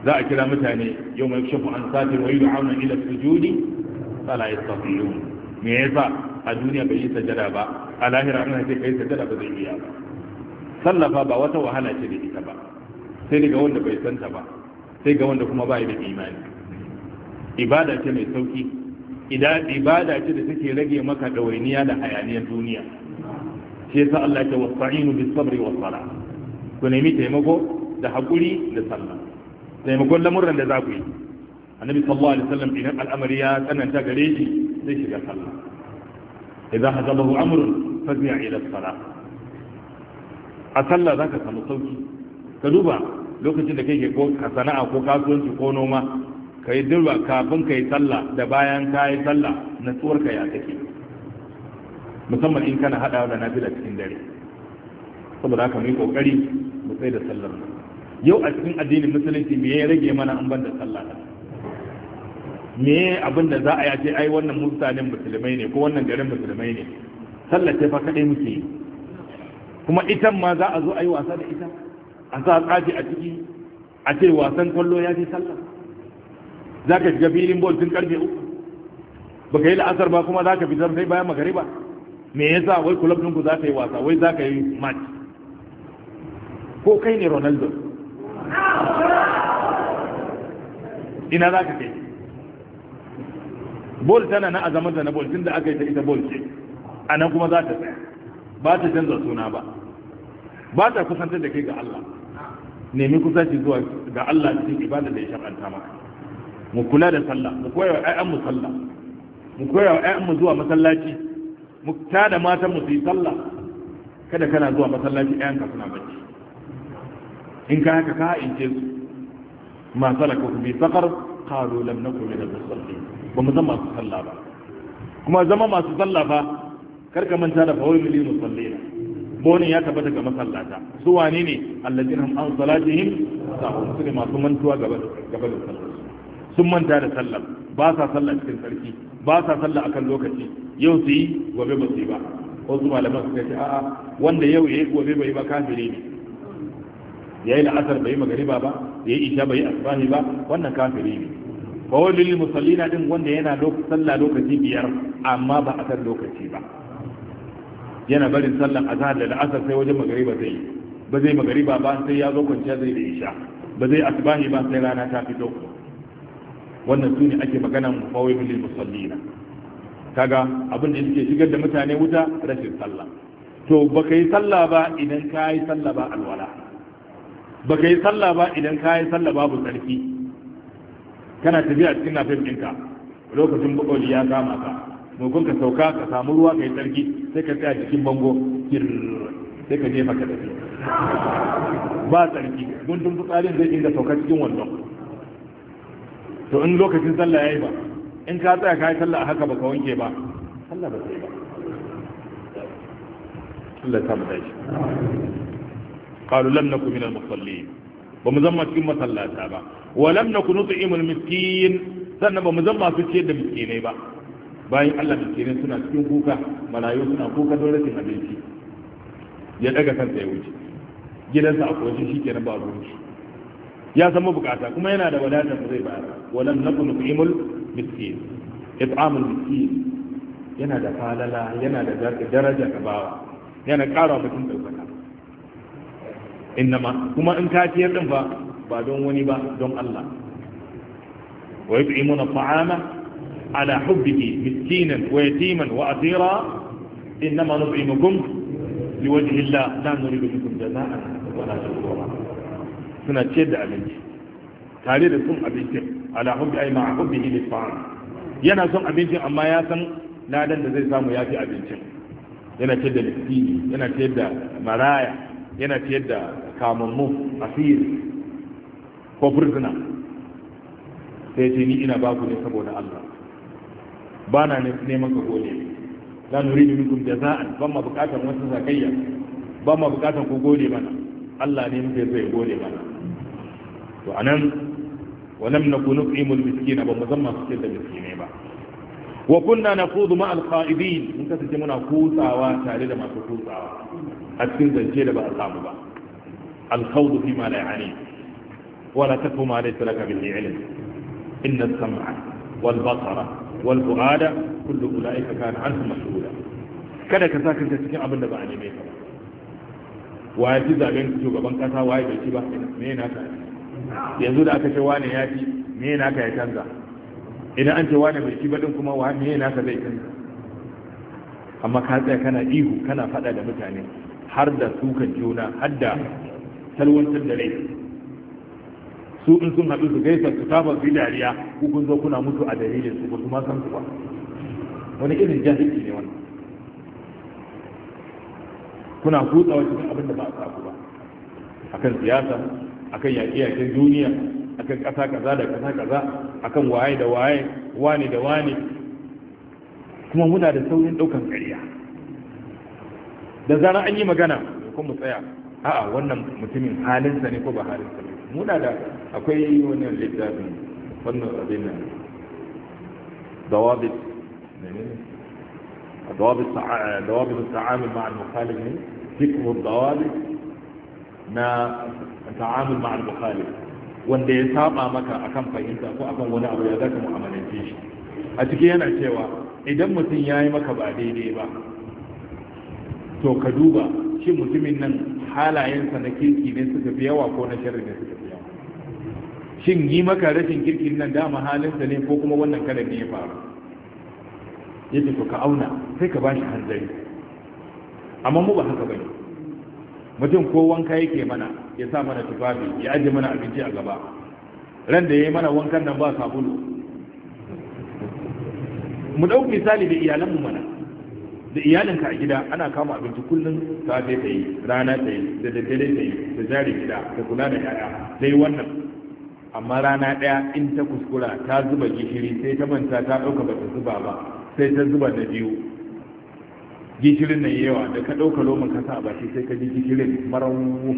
za a kira mutane yau mai shafu an sati wa da hannun ila sujudi fala yastati'un me yasa a duniya bai yi sajada ba a lahira an ce kai sajada ba zai iya ba sallafa ba wata wahala ce da ita ba sai daga wanda bai santa ba sai ga wanda kuma ba da imani ibada ce mai sauki ibada ce da take rage maka ɗawainiya da hayaniyar duniya shi yasa Allah ya ce wasta'inu bis sabri was sala ku nemi taimako da hakuri da sallah taimakon lamuran da za ku yi annabi sallallahu alaihi wasallam idan al'amari ya tsananta gare shi zai shiga sallah idan hazabahu amrun fazmi'a ila salah a sallah zaka samu sauki ka duba lokacin da kake ko sana'a ko kasuwanci ko noma ka yi dirba kafin ka yi sallah da bayan ka yi sallah natsuwar ka ya take musamman in kana hadawa da nafila cikin dare saboda haka mu yi kokari mu sai da sallar mu yau a cikin addinin musulunci me ya rage mana an banda sallah me abin da za a yace ai wannan mutanen musulmai ne ko wannan garin musulmai ne sallah ce fa kadai muke yi kuma ita ma za a zo a yi wasa da ita a sa tsafi a ciki a ce wasan kallo ya ce sallah za ka shiga filin bol tun karfe uku ba ka yi la'asar ba kuma za ka fitar sai bayan magariba me yasa wai kulab ɗinku za ka yi wasa wai za ka yi match ko kai ne ronaldo ina za ka kai bol tana na azamar da na bol tun da aka yi ta ita bol ce a nan kuma za ta tsaya ba ta canza suna ba ba ta kusantar da kai ga Allah nemi kusanci zuwa ga Allah cikin ibada da ya shakanta maka mu kula da sallah mu koya wa ayyan mu sallah mu koya wa ayyan mu zuwa masallaci mu tada matan mu su yi sallah kada kana zuwa masallaci ayyan ka suna bacci in ka haka ka ince su ma salaka bi sakar qalu lam nakum min al-musallin ba mu zama masu sallah ba kuma zama masu sallah fa karka manta da fawai milin musallina bonin ya tabbata ga masallata su wane ne allazin hum an salatihim sahun su ne masu mantuwa gaba gaba da sallah sun manta da sallah ba sa sallah cikin sarki ba sa sallah akan lokaci yau su yi gobe ba su yi ba wasu malaman su ce a'a wanda yau ya yi gobe bai ba kafiri ne yayi la'asar bai magariba ba yayi isha bai asbahi ba wannan kafiri ne fa lil musallina din wanda yana sallah lokaci biyar amma ba a kan lokaci ba yana barin sallan azhar da la'asar sai wajen magariba zai yi ba zai magariba ba sai ya zo kwanciya zai da isha ba zai asbahi ba sai rana ta fito wannan su ne ake magana mufawilul lil musallina kaga abin da yake shigar da mutane wuta rashin sallah to baka yi sallah ba idan ka yi sallah ba alwala ba ka yi sallah ba idan ka yi sallah babu tsarki kana tafiya cikin nafin ɗinka lokacin bukoli ya kama ka mugun ka sauka ka samu ruwa ka yi tsarki sai ka tsaya cikin bango sai ka jefa ka tafi ba tsarki gundun fitsarin zai dinga sauka cikin wannan to in lokacin sallah ya yi ba in ka tsaya ka yi sallah a haka ba ka wanke ba sallah ba ta yi ba Allah ta mu dace qalu lam nakum minal musallin ba mu zama cikin masallata ba wa lam nakum nut'imul miskin sannan ba mu zama su ciyar da miskinai ba bayan Allah miskinai suna cikin kuka malayu suna kuka don rashin abinci ya daga kansa ya wuce gidansa a kowace shi kenan ba abinci ya zama bukata kuma yana da wadatar da zai bayar wa lam miskin miskin yana da falala yana da daraja yana ƙara innama kuma in ka ciyar din fa ba don wani ba don Allah wa yut'imuna ta'ama ala hubbihi miskinan wa yatiman wa asira innama nut'imukum liwajhi Allah la nuridu minkum jazaa'an wa la shukura suna ciyar da abinci tare da sun abinci ala hubbi ay ma'a hubbihi lit ta'am yana son abincin amma ya san ladan da zai samu ya fi abincin yana ce da miskini yana ce da maraya yana fiye da kamammu fiye ko prisoner sai ce ni ina baku ne saboda Allah ba na neman ka gode da nuridu minkum jaza'an ban ma bukatan wasu zakayya ba ma bukatan ku gode mana Allah ne muke zai gole gode mana to anan wa na kunu qimul miskina ba mu zama cikin da miskina wa kunna naqudu ma alqa'idin mun kasance muna kutsawa tare da masu kutsawa a cikin zance da ba a samu ba alkhawdu fi ma la ya'ni wa la taqu ma laysa laka bihi ilm inna as-sam'a wal basara wal fu'ada kullu ulaika kana anhu mas'ula kada ka saka kanka cikin abin da ba a neme ka wa ya ci zaben shugaban kasa waye bai ci ba me naka yanzu da aka ce wane ya ci me naka ya canza idan an ce wani mai kibadin kuma wa ne naka zai kai amma ka tsaya kana ihu kana faɗa da mutane har da sukan juna har da salwantar da rai su in sun haɗu su gaisa su taba su dariya ku kun zo kuna mutu a dalilin su ba su ma san su ba wani irin jahilci ne wannan kuna kutsawa cikin abin da ba a saku ba akan siyasa akan yaƙe-yaƙen duniya akan kasa kaza da kasa kaza akan waye da waye wani da wani kuma muna da saurin daukan ƙarya da zara an yi magana ko kuma tsaya a'a wannan mutumin halinsa ne ko ba halinsa ne muna da akwai wannan littafin wannan abin nan dawabit dawabit dawabit ta'amul ma'a al-mukhalif ne fikru dawabit na ta'amul ma'a al-mukhalif wanda ya saba maka akan fahimta ko akan wani abu ya zaka mu'amalance shi a ciki yana cewa idan mutum ya yi maka ba daidai ba to ka duba shi mutumin nan halayensa na kirki ne suka fi yawa ko na sharri ne suka fi yawa shin yi maka rashin kirki nan dama halinsa ne ko kuma wannan kalan ne ya faru ya to ka auna sai ka bashi hanzari amma mu ba haka bane mutum ko wanka yake mana ya sa mana tufafi ya aje mana abinci a gaba ran da ya yi mana wankan nan ba sabulu mu ɗauki misali da iyalanmu mana da iyalinka a gida ana kama abinci kullum safe ta yi rana ta yi da daddare ta yi da jari gida da kula da yaya dai wannan amma rana ɗaya in ta kuskura ta zuba gishiri sai ta manta ta ɗauka ba zuba ba sai ta zuba na biyu gishirin na yawa da ka ɗauka lomin kasa a baki sai ka ji gishirin marawu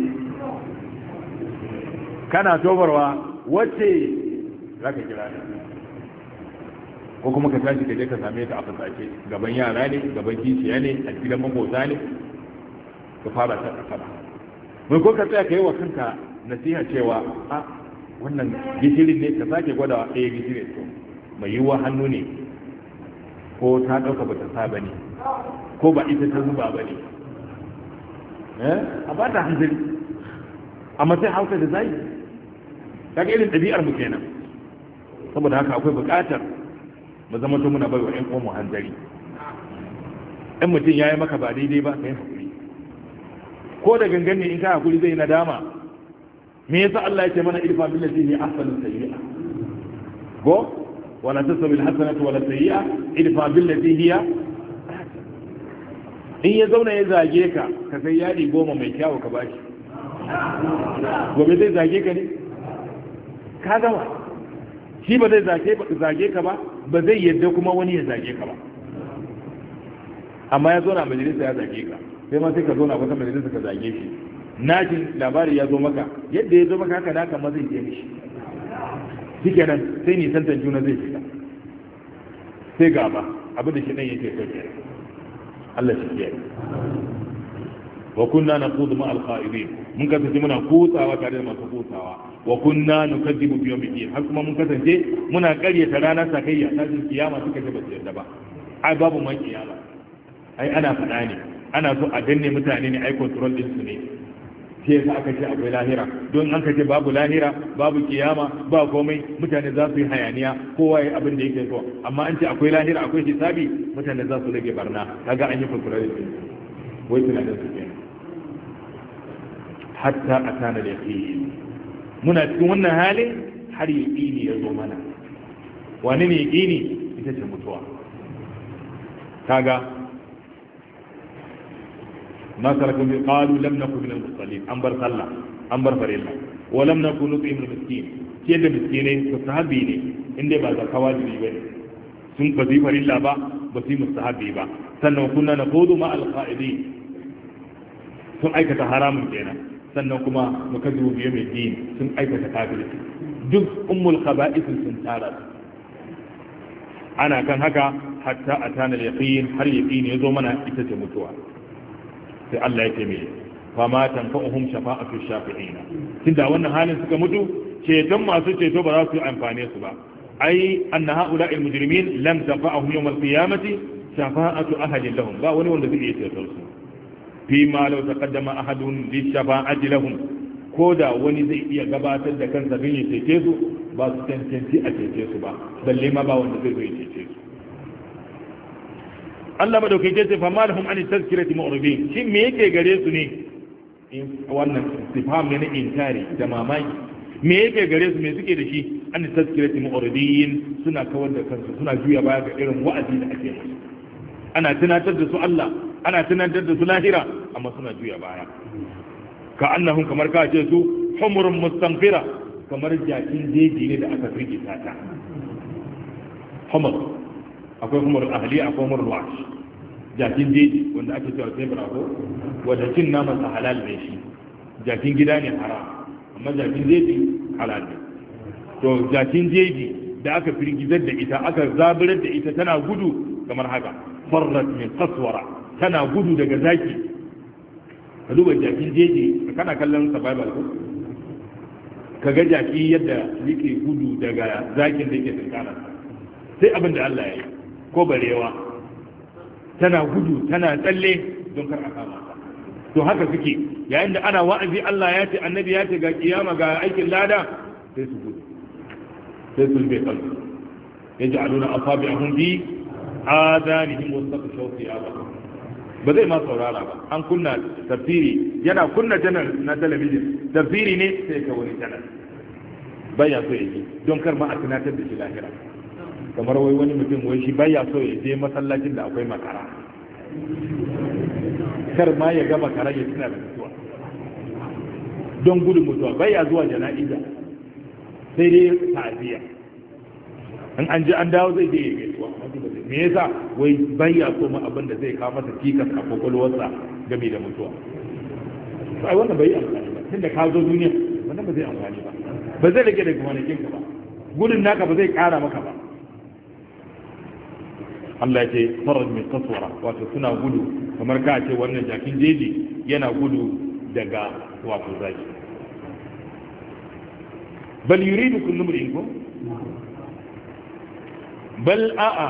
kana tobarwa wacce za ka kira ne ko kuma ka tashi ka je ka same ta a fasashe. gaban yara ne gaban kishiya ne a gidan makota ne ka fara ta fara mai ko ka tsaya ka yi wa kanka nasiha cewa a wannan gishirin ne ka sake gwada a yi eh, gishirin to mai yiwuwa hannu ne ko ta ɗauka ba ta saba ne ko ba ita ta zuba ba ne eh? a ba ta hanzari amma sai hausa da zai kaga irin ɗabi'ar mu kenan saboda haka akwai buƙatar mu zama to muna baiwa ƴan uwan mu hanzari ɗan mutum ya yi maka ba daidai ba kai hakuri ko da gangan ne in ka hakuri zai nadama me yasa Allah ya ce mana irfa billati hi ahsanu sayyi'a go wala tasbil hasanatu wala sayyi'a irfa billati hiya in ya zauna ya zage ka ka sai yadi goma mai kyawu ka bashi gobe zai zage ka ne ka gama shi ba zai zage ka ba ba zai yadda kuma wani ya zage ka ba amma ya zauna majalisa ya zage ka sai ma sai ka zauna wata majalisa ka zage shi najin labari ya zo maka yadda ya zo maka haka naka ma zai je mishi shi kenan sai nisantar juna zai fita sai gaba abin da shi ɗan yake kai kenan Allah shi ke wa kunna ma al mun kasance muna kutsawa tare da masu kutsawa wa kunna nukadibu bi yawmi din har kuma mun kasance muna karyata ranar sakayya ta jin kiyama suka ce ba yarda ba ai babu ma kiyama ai ana faɗa ne ana so a danne mutane ne ai control din su ne shi yasa aka ce akwai lahira don an ka ce babu lahira babu kiyama ba komai mutane za su yi hayaniya kowa ya abin da yake so amma an ce akwai lahira akwai hisabi mutane za su rage barna kaga an yi kulkurar da wai da su kenan hatta atana da yaqin muna cikin wannan halin har yaqini ya zo mana wani ne yaqini ita ce mutuwa kaga ما تركوا قالوا لم نكن من المصلين أنبر Wa أنبر فريلا ولم نكن نطعم المسكين كيد المسكين مستحبي ne inda ba da wajibi ba ne sun ba zai farilla ba ba su yi mustahabi ba sannan kuna na kodo ma alƙa'idi sun aikata haramun kenan sannan kuma makazu biyu mai din sun aikata kafirci duk ummul qaba'is sun tara ana kan haka hatta atana al-yaqin har yaqin zo mana ita ce mutuwa sai Allah ya ce mai fama tanfa'uhum shafa'atu shafi'ina tunda wannan halin suka mutu ceton masu ceto ba za su yi amfane su ba ai anna haula almujrimin lam tanfa'uhum yawm alqiyamati shafa'atu ahadin lahum ba wani wanda zai iya ceto su fi ma law taqaddama ahadun li shafa'ati lahum ko da wani zai iya gabatar da kansa don ya cece su ba su cancanci a cece su ba balle ma ba wanda zai zo ya cece su Allah madaukai jace fa malahum an tazkirati mu'ribin shin me yake gare su ne in wannan istifham ne na inkari da mamaki me yake gare su me suke da shi an tazkirati mu'ribin suna kawar da kansu suna juya baya ga irin wa'azi da ake musu ana tunatar da su Allah ana tunatar da su lahira amma suna juya baya ka annahum kamar ka ce su humrun mustanfira kamar jakin jeji ne da aka firgita ta humr akwai umar ahli akwai umar Ruwa. jakin jeji wanda ake cewa sai bravo wanda cin naman sa halal ne shi jakin gida ne haram amma jakin jeji halal ne to jakin jeji da aka firgizar da ita aka zaburar da ita tana gudu kamar haka farrat min qaswara tana gudu daga zaki ka duba jakin jeji kana kallon survival ko ka ga jaki yadda yake gudu daga zakin da yake tsakanin sai abin da Allah ya yi ko barewa tana gudu tana tsalle don kar a kama to haka suke yayin da ana wa'azi Allah ya ce annabi ya ce ga kiyama ga aikin lada sai su gudu sai su bai kalbi yaj'aluna asabi'ahum bi adanihim wastaqshaw thiyabahum ba zai ma saurara ba an kunna tafsiri yana kunna janar na talabijin tafsiri ne sai ka wani janar bayan so yake don kar ma a tunatar da shi lahira kamar wai wani mutum wai shi baya so ya je masallacin da akwai makara kar ma ya ga makara ya tuna da mutuwa don gudun mutuwa baya zuwa jana'iza sai dai ta'aziyya an an ji an dawo zai je ya gaisuwa me yasa wai baya so ma abin da zai kawo masa cikas a kokolwarsa game da mutuwa sai wannan bai amfani ba tunda ka zo duniya wannan ba zai amfani ba ba zai rage daga kwanakin ba gudun naka ba zai kara maka ba Allah ya ce faraj mai kasuwa wato suna gudu kamar ka ce wannan jakin jeji yana gudu daga wato zaki bal yuridu kullu mri'in ko bal a'a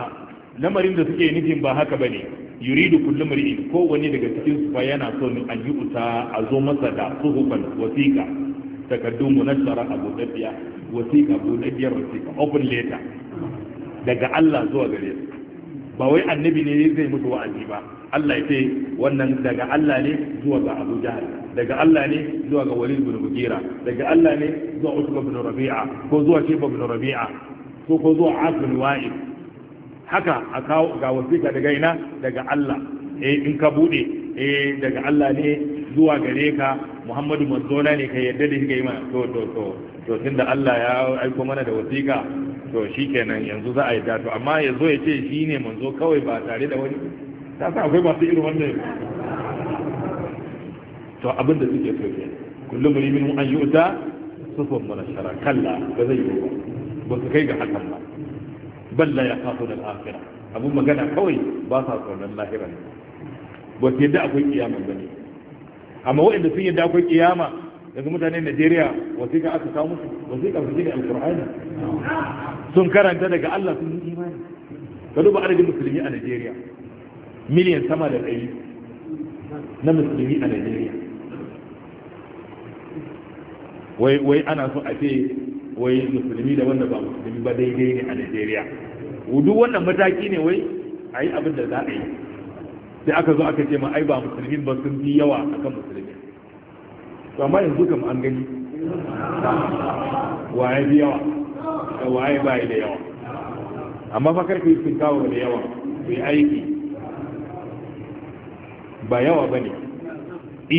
lamarin da suke nufin ba haka bane yuridu kullu mri'in ko wani daga cikin su fa yana so ne an yi a zo masa da suhuban wasiqa takaddum munashara abu dabiya wasiqa abu dabiya wasiqa open letter daga Allah zuwa gare shi ba wai annabi ne zai musu wa'azi ba Allah ya ce wannan daga Allah ne zuwa ga Abu Jahl daga Allah ne zuwa ga Walid bin Mughira daga Allah ne zuwa Utba bin Rabi'a ko zuwa Shayba bin Rabi'a ko ko zuwa As bin haka a kawo ga wasiƙa daga ina daga Allah eh in ka bude eh daga Allah ne zuwa gare ka Muhammadu manzona ne ka yarda da shi ga ima to to to to tunda Allah ya aiko mana da wasiƙa to shi kenan yanzu za a yi dato amma ya zo ya ce shi ne manzo kawai ba tare da wani ta sa akwai masu irin wannan to abinda suke so ke kullum rimin an yi uta sufan shara kalla ba zai yi ba ba su kai ga hakan ba balla ya kaso da al'afira abin magana kawai ba sa tsoron lahiran ba su yadda akwai kiyama ba ne amma waɗanda sun yadda akwai kiyama daga mutanen Najeriya wasiƙa aka samu musu wasiƙa su gina alƙur'ani sun karanta daga Allah sun yi imani ka duba adadin musulmi a Najeriya miliyan sama da ɗari na musulmi a Najeriya wai wai ana so a ce wai musulmi da wanda ba musulmi ba daidai ne a Najeriya duk wannan mataki ne wai a yi abin da za a yi sai aka zo aka ce ma ai ba musulmin ba sun fi yawa akan musulmi to amma yanzu kam an gani waye bi yawa da waye bai da yawa amma fa karfi yi tinkawo da yawa ku yi aiki ba yawa ba ne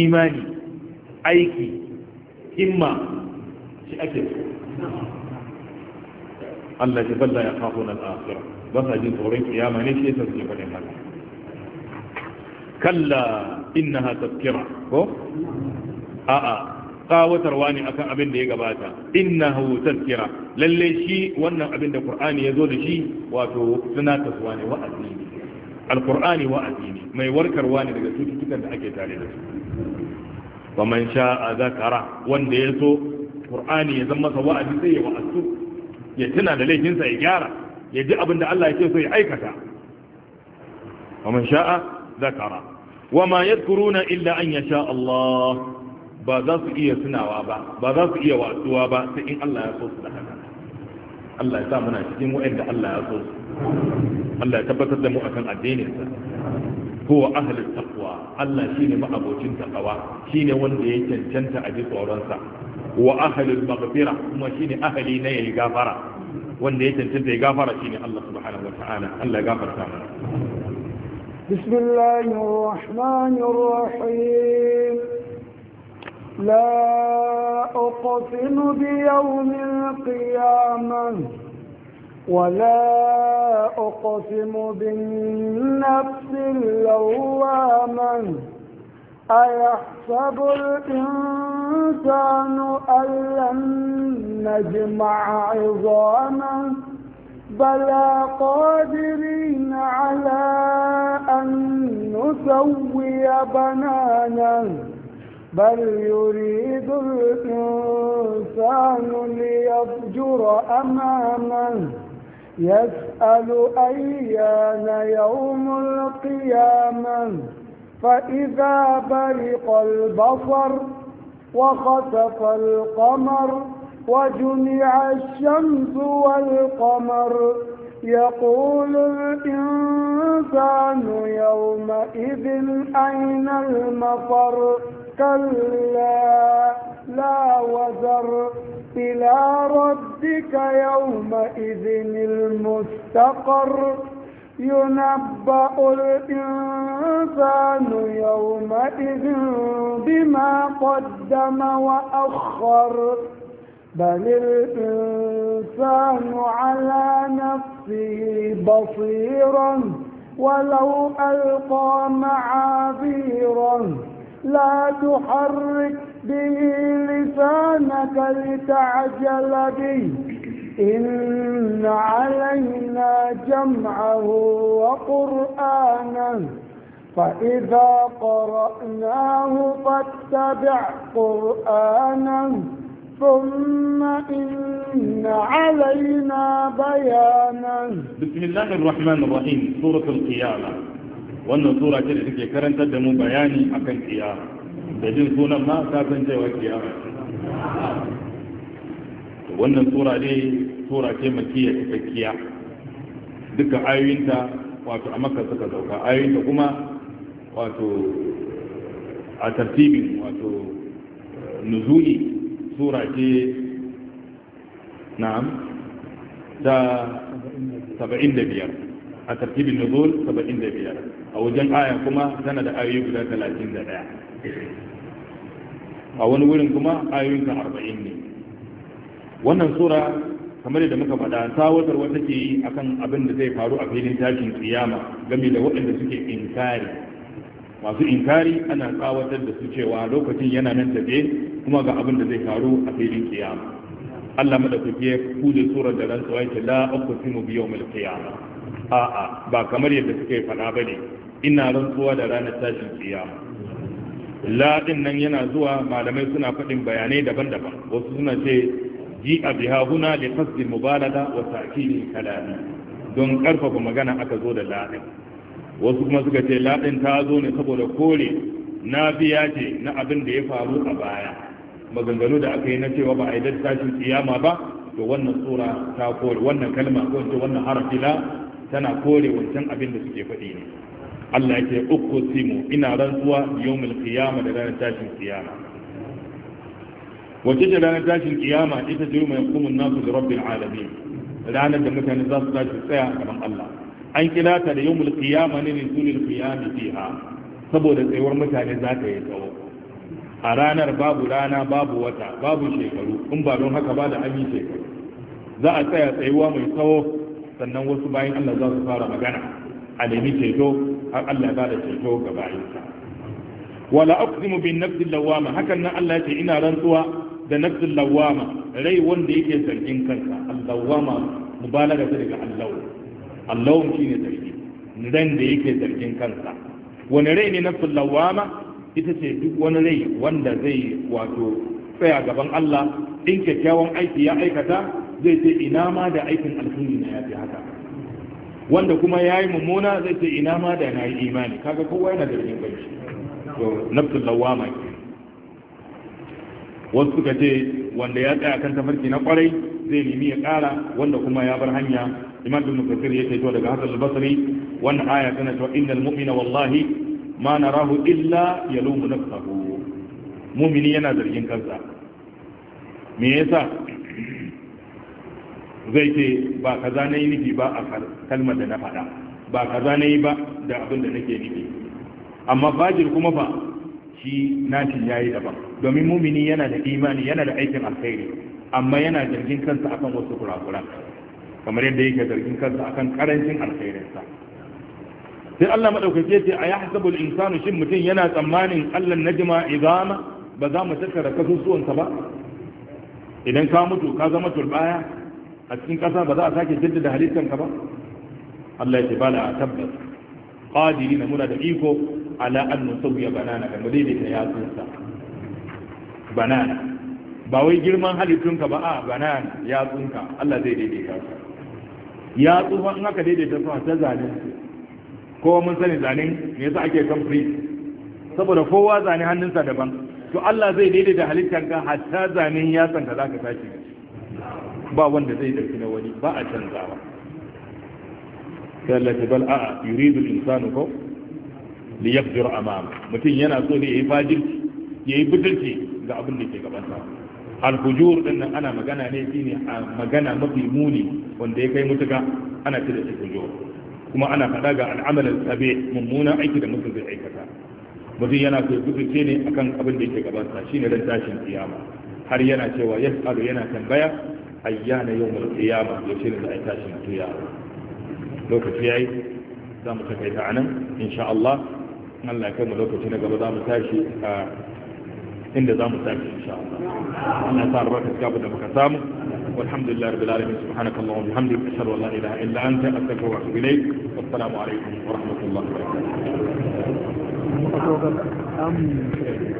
imani aiki himma shi ake Allah ya balla ya kafo na al'afira ba sa jin tsoron kiyama ne shi ya sauke faɗin haka kalla innaha tafkira ko a'a kawatarwa ne akan abin da ya gabata innahu tazkira lalle shi wannan abin da qur'ani yazo da shi wato tunatarwa ne wa'azi ne alqur'ani wa'azi ne mai warkarwa ne daga cututtukan da ake tare da su wa man sha'a zakara wanda ya so qur'ani ya zama masa wa'azi sai ya wa'azu ya tuna da laifinsa ya gyara ya ji abin da Allah ya ce so ya aikata wa man sha'a zakara wa ma yadhkuruna illa an yasha Allah ba za su iya tunawa ba ba za su iya watsuwa ba sai in Allah ya so su da haka Allah ya sa muna cikin wa'anda Allah ya so su Allah ya tabbatar da mu akan addinin sa huwa ahli taqwa Allah shine ma'abocin taqwa shine wanda ya cancanta a ji tsoron wa ahli maghfira kuma shine ahli na yayi gafara wanda ya cancanta ya gafara shine Allah subhanahu wataala Allah ya gafarta mana بسم الله لا أقسم بيوم القيامة ولا أقسم بالنفس اللوامة أيحسب الإنسان أن لن نجمع عظاما بلى قادرين على أن نسوي بنانا بل يريد الإنسان ليفجر أماما يسأل أيان يوم القيامة فإذا برق البصر وخسف القمر وجمع الشمس والقمر يقول الإنسان يومئذ أين المفر كلا لا وزر إلى ربك يومئذ المستقر ينبأ الإنسان يومئذ بما قدم وأخر بل الإنسان على نفسه بصيرا ولو ألقى معاذيرا لا تحرك به لسانك لتعجل به إن علينا جمعه وقرآنه فإذا قرأناه فاتبع قرآنه ثم إن علينا بيانا بسم الله الرحمن الرحيم سورة القيامة wannan sura ce da suke karantar da mu bayani akan kiyama da jin sunan ma ta san cewa kiyama wannan sura ne sura ce makiyya kiyya duka ayoyinta wato a makka suka dauka ayoyinta kuma wato a tartibin wato eh, nuzuli sura ce na'am ta 75 a tartibin nuzul 75 a wajen aya kuma tana da ayoyi guda talatin da ɗaya a wani wurin kuma ayoyinta arba'in ne wannan sura kamar yadda muka faɗa tawatar wata ke yi akan abin da zai faru a filin tashin kiyama game da waɗanda suke inkari masu inkari ana tsawatar da su cewa lokacin yana nan tafe kuma ga abin da zai faru a filin kiyama Allah madaukake ku da surar da rantsuwa yake la aqsimu biyo mulki qiyamah a'a ba kamar yadda suke faɗa ba ne ina rantsuwa da ranar tashin kiyama laɗin nan yana zuwa malamai suna faɗin bayanai daban-daban wasu suna ce ji a biha huna da fasdi mubalaga wa ta'kidin kalami don karfafa magana aka zo da laɗin wasu kuma suka ce laɗin ta zo ne saboda kore na biya ce na abin da ya faru a baya maganganu da aka yi na cewa ba a yi tashin kiyama ba to wannan tsura ta kore wannan kalma ko wannan harafi la tana kore wancan abin da suke faɗi ne Allah yake Simu. ina rantsuwa yawmul qiyama da ranar tashin kiyama wace ce ranar tashin kiyama ita ce mai hukumun nasu da rabbil alamin ranar da mutane za su tashi tsaya a gaban Allah an kira ta da yawmul qiyama ne sunil qiyami fiha saboda tsayuwar mutane za ta yi tsawo a ranar babu rana babu wata babu shekaru in ba don haka ba da an yi shekaru za a tsaya tsayuwa mai tsawo sannan wasu bayan Allah za su fara magana a nemi ceto har Allah ba da ceto ga bayinsa wala aqsimu bin nafsi lawama hakan nan Allah ce ina rantsuwa da nafsi lawama rai wanda yake zargin kansa allawama mubalaga ta daga allaw allaw shine zargi ran da yake zargin kansa wani rai ne nafsi lawama ita ce duk wani rai wanda zai wato tsaya gaban Allah in kyakkyawan aiki ya aikata zai ce ina ma da aikin alkhairi na ya fi haka wanda kuma ya yi mummuna zai ce ina ma da na yi imani kaga kowa yana da rikin kai to nafsul lawama ke wasu suka ce wanda ya tsaya kan tafarki na kwarai zai nemi ya kara wanda kuma ya bar hanya imam ibn kasir yake to daga hasan al-basri wannan aya tana cewa innal mu'mina wallahi ma narahu illa yalumu nafsahu mu'mini yana zargin kansa me yasa zai ce ba kaza na yi nufi ba a kalmar da na faɗa ba kaza na yi ba da abin da nake nufi amma fajir kuma ba shi nashin ya yi daban domin mumini yana da imani yana da aikin alkhairi amma yana jirgin kansa akan wasu kurakuran kamar yadda yake jirgin kansa akan karancin alkhairinsa sai Allah madaukake ce a yahsabul insanu shin mutum yana tsammanin Allah najma idama ba za mu tattara kasusuwansa ba idan ka mutu ka zama turbaya a cikin ƙasa ba za a sake jaddada halittanka ba Allah ya ce bala a tabbas qadiri na muna da iko ala an nusawiya banana kan mu daidaita yatsunsa banana ba wai girman halittunka ba a banana tsunka Allah zai daidaita ka ya tsufa in aka daidaita su ta zanen kowa mun sani zanen me yasa ake kan free saboda kowa zane hannunsa daban to Allah zai daidaita halittanka hatta zanen yatsanka zaka tashi ba wanda zai ɗauki na wani ba a canzawa sai Allah bal a'a yuridu insanu ko li yaqdir amama mutum yana so ne yayi fajirci yayi butulci ga abin da ke gabansa. sa al-hujur din nan ana magana ne shine magana mafi muni wanda ya kai mutuka ana cire shi hujur kuma ana faɗa ga al'amal al-sabi mummunan aiki da mutum zai aikata mutum yana so butulce ne akan abin da ke gabansa. sa shine ran tashin kiyama har yana cewa yasalu yana tambaya ayyana yau mai tsiyama ya ce da aika shi mutu ya lokaci ya yi za mu kai ta anan insha Allah Allah ya kai mu lokaci na gaba za mu tashi a inda za mu tashi insha Allah Allah ya sa albarka gabu da muka samu walhamdulillah rabbil alamin subhanakallahu wa bihamdika ashhadu an la ilaha illa anta astaghfiruka wa atubu ilayk wassalamu alaikum wa rahmatullahi wa barakatuh